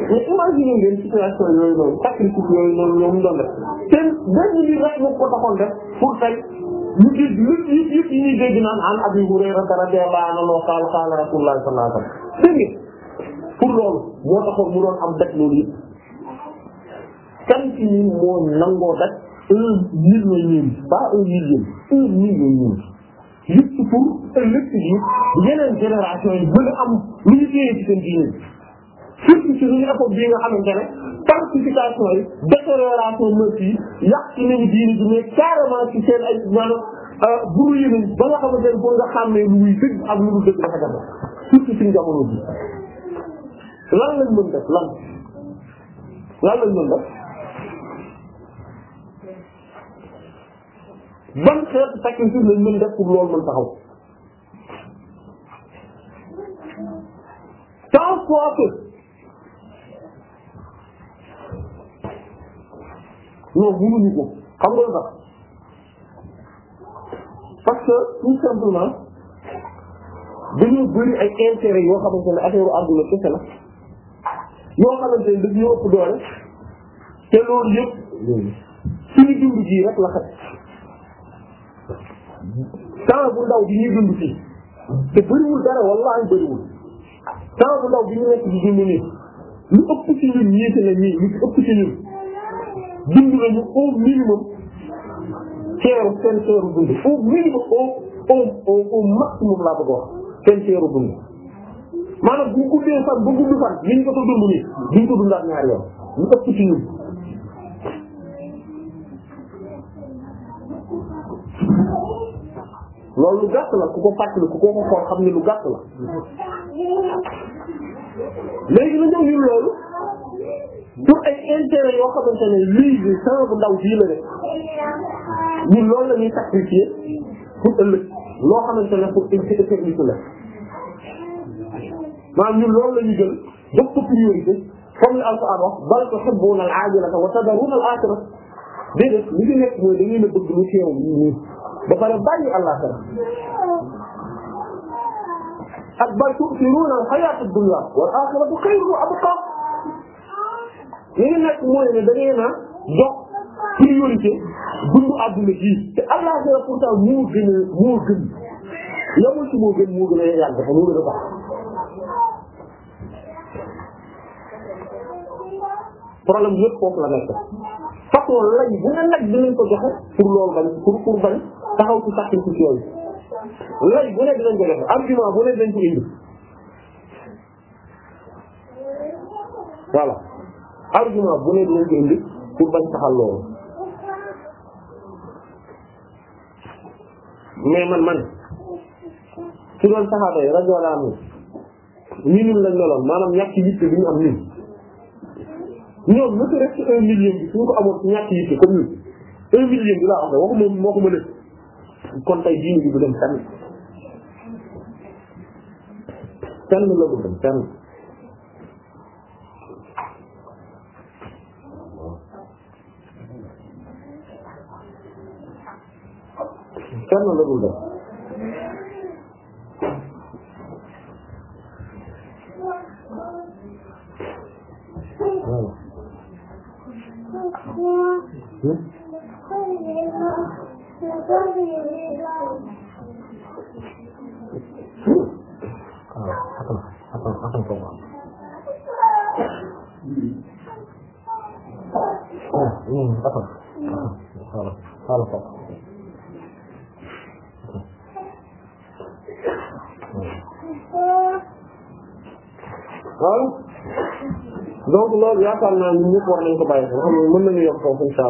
mais imaginer ngeen situation yooyu noonu sacrifice yooyu noonu ñoom ñu doon def te benn bi rek ñu ko taxoon def pour tey ñu dégg lépp yëpp yëpp yi ñuy dégg naan an Abi Hurayra radiyallahu anhu qaala qaala Rasulullah sallallahu alayhi wa sallam dégg pour loolu moo taxoon mu doon am daj loolu yëpp kan ci ñun moo nangoo daj un million pas un million un million yëpp pour ëllëg si yeneen génération yi bëgg am lu ñu téye ci seen diine surtout ci suñu époque bii nga xamante ne participation yi détérioration mœurs yi yàq ci nañu diini bi mais carrément ci seen ay maanaam buru yi nañ ba nga xamante ne pour nga xàmmee lu muy dëgg ak lu dul dëgg dafa jafe surtout suñu jamono bi lan lañ mën def lan lañ mën def ban xeetu sacrifice lañ mën def pour loolu mën taxaw tant soit que ñoom mënuñu ko xam nga ndax parce que tout simplement dañoo bëri ay intérêt yoo xamante ne affaire àdduna kese la yoo xamante ne dañoo ëpp doole dund ji rek la xat temps bu ndaw bi ñuy dund fii te bëriwul dara wallaahi bëriwul temps bu ndaw bi ñu nekk di dund nii lu ëpp ci ñun ñii te la ñii lu ëpp ci ñun dund nañu au minimum teeru seen teeru dund au minimum au au au maximum laa bëgg wax seen teeru dund maanaam bu ñu ko dee fan ba gudd fan liñ ko dund nii duñ ko dundaat ñaari yoon ñu ëpp ci ñun loolu lu gàtt la ku ko fàttali ku ko ko xool xam ne lu gàtt la léegi na ñëw pour ay intérêt yoo xamante ne lii bi temps bu ndaw bii la rek ñun loolu la ñuy sacrifier pour ëllëg loo xamante ne pour une sécurité la maanaam ñun loolu la ñuy jël jox ko priorité comme li Alxuraan wax bal tuhibbuuna al-aajilata wa tadharuuna al-aaxirata déedéet li ci nekk mooy dañuy la bëgg lu teew nii ba pare bàyyi àllaaxira ak bal tu'thiruuna al-hayaata ad-dunya wal-aaxiratu xayrun wa abqaa li nga nekk mooy ne da ngeen a jox priorité dundu adduna ji te àllaaxira pourtant moo gën moo gën yamul ci moo gën moo gën a yàgg dafa moo gën a baax. problème yëpp foofu la nekk façon lay bu nga nag dinañ ko joxe pour loolu bañ pour pour bañ taxaw ci sacrifice yooyu lay bu ne dinañ ko joxe argument bu ne dinañ ko indi voilà. argument bu ne dinañ ko indi pour bañ taxal loolu mais man man su doon saxaaba yi radiyallahu anhu nii nii lañ meloon maanaam ñàkk yitte bi ñu am nii ñoom naka rek ci un million bi su ñu ko amoon ci ñàkk yitte comme nii un million bi laa am waxu moom moo ko mën a kon tey diini bi du dem fenn fenn la du dem fenn kenn la dul def waaw voilà donc loolu yaakaar naa ñun ñëpp war nañ ko bàyyi xel xam mën nañu yokk foofu insha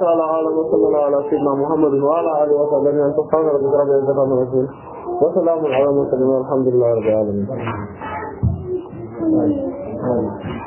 ta'ala a'lam wa sallallahu ala sayyidina muhammadin wa ala alihi wa sahbihi wa subhana rabbika rabbil izzati amma yasifun wa salamun ala mursalin walhamdulillahi rabbil alamin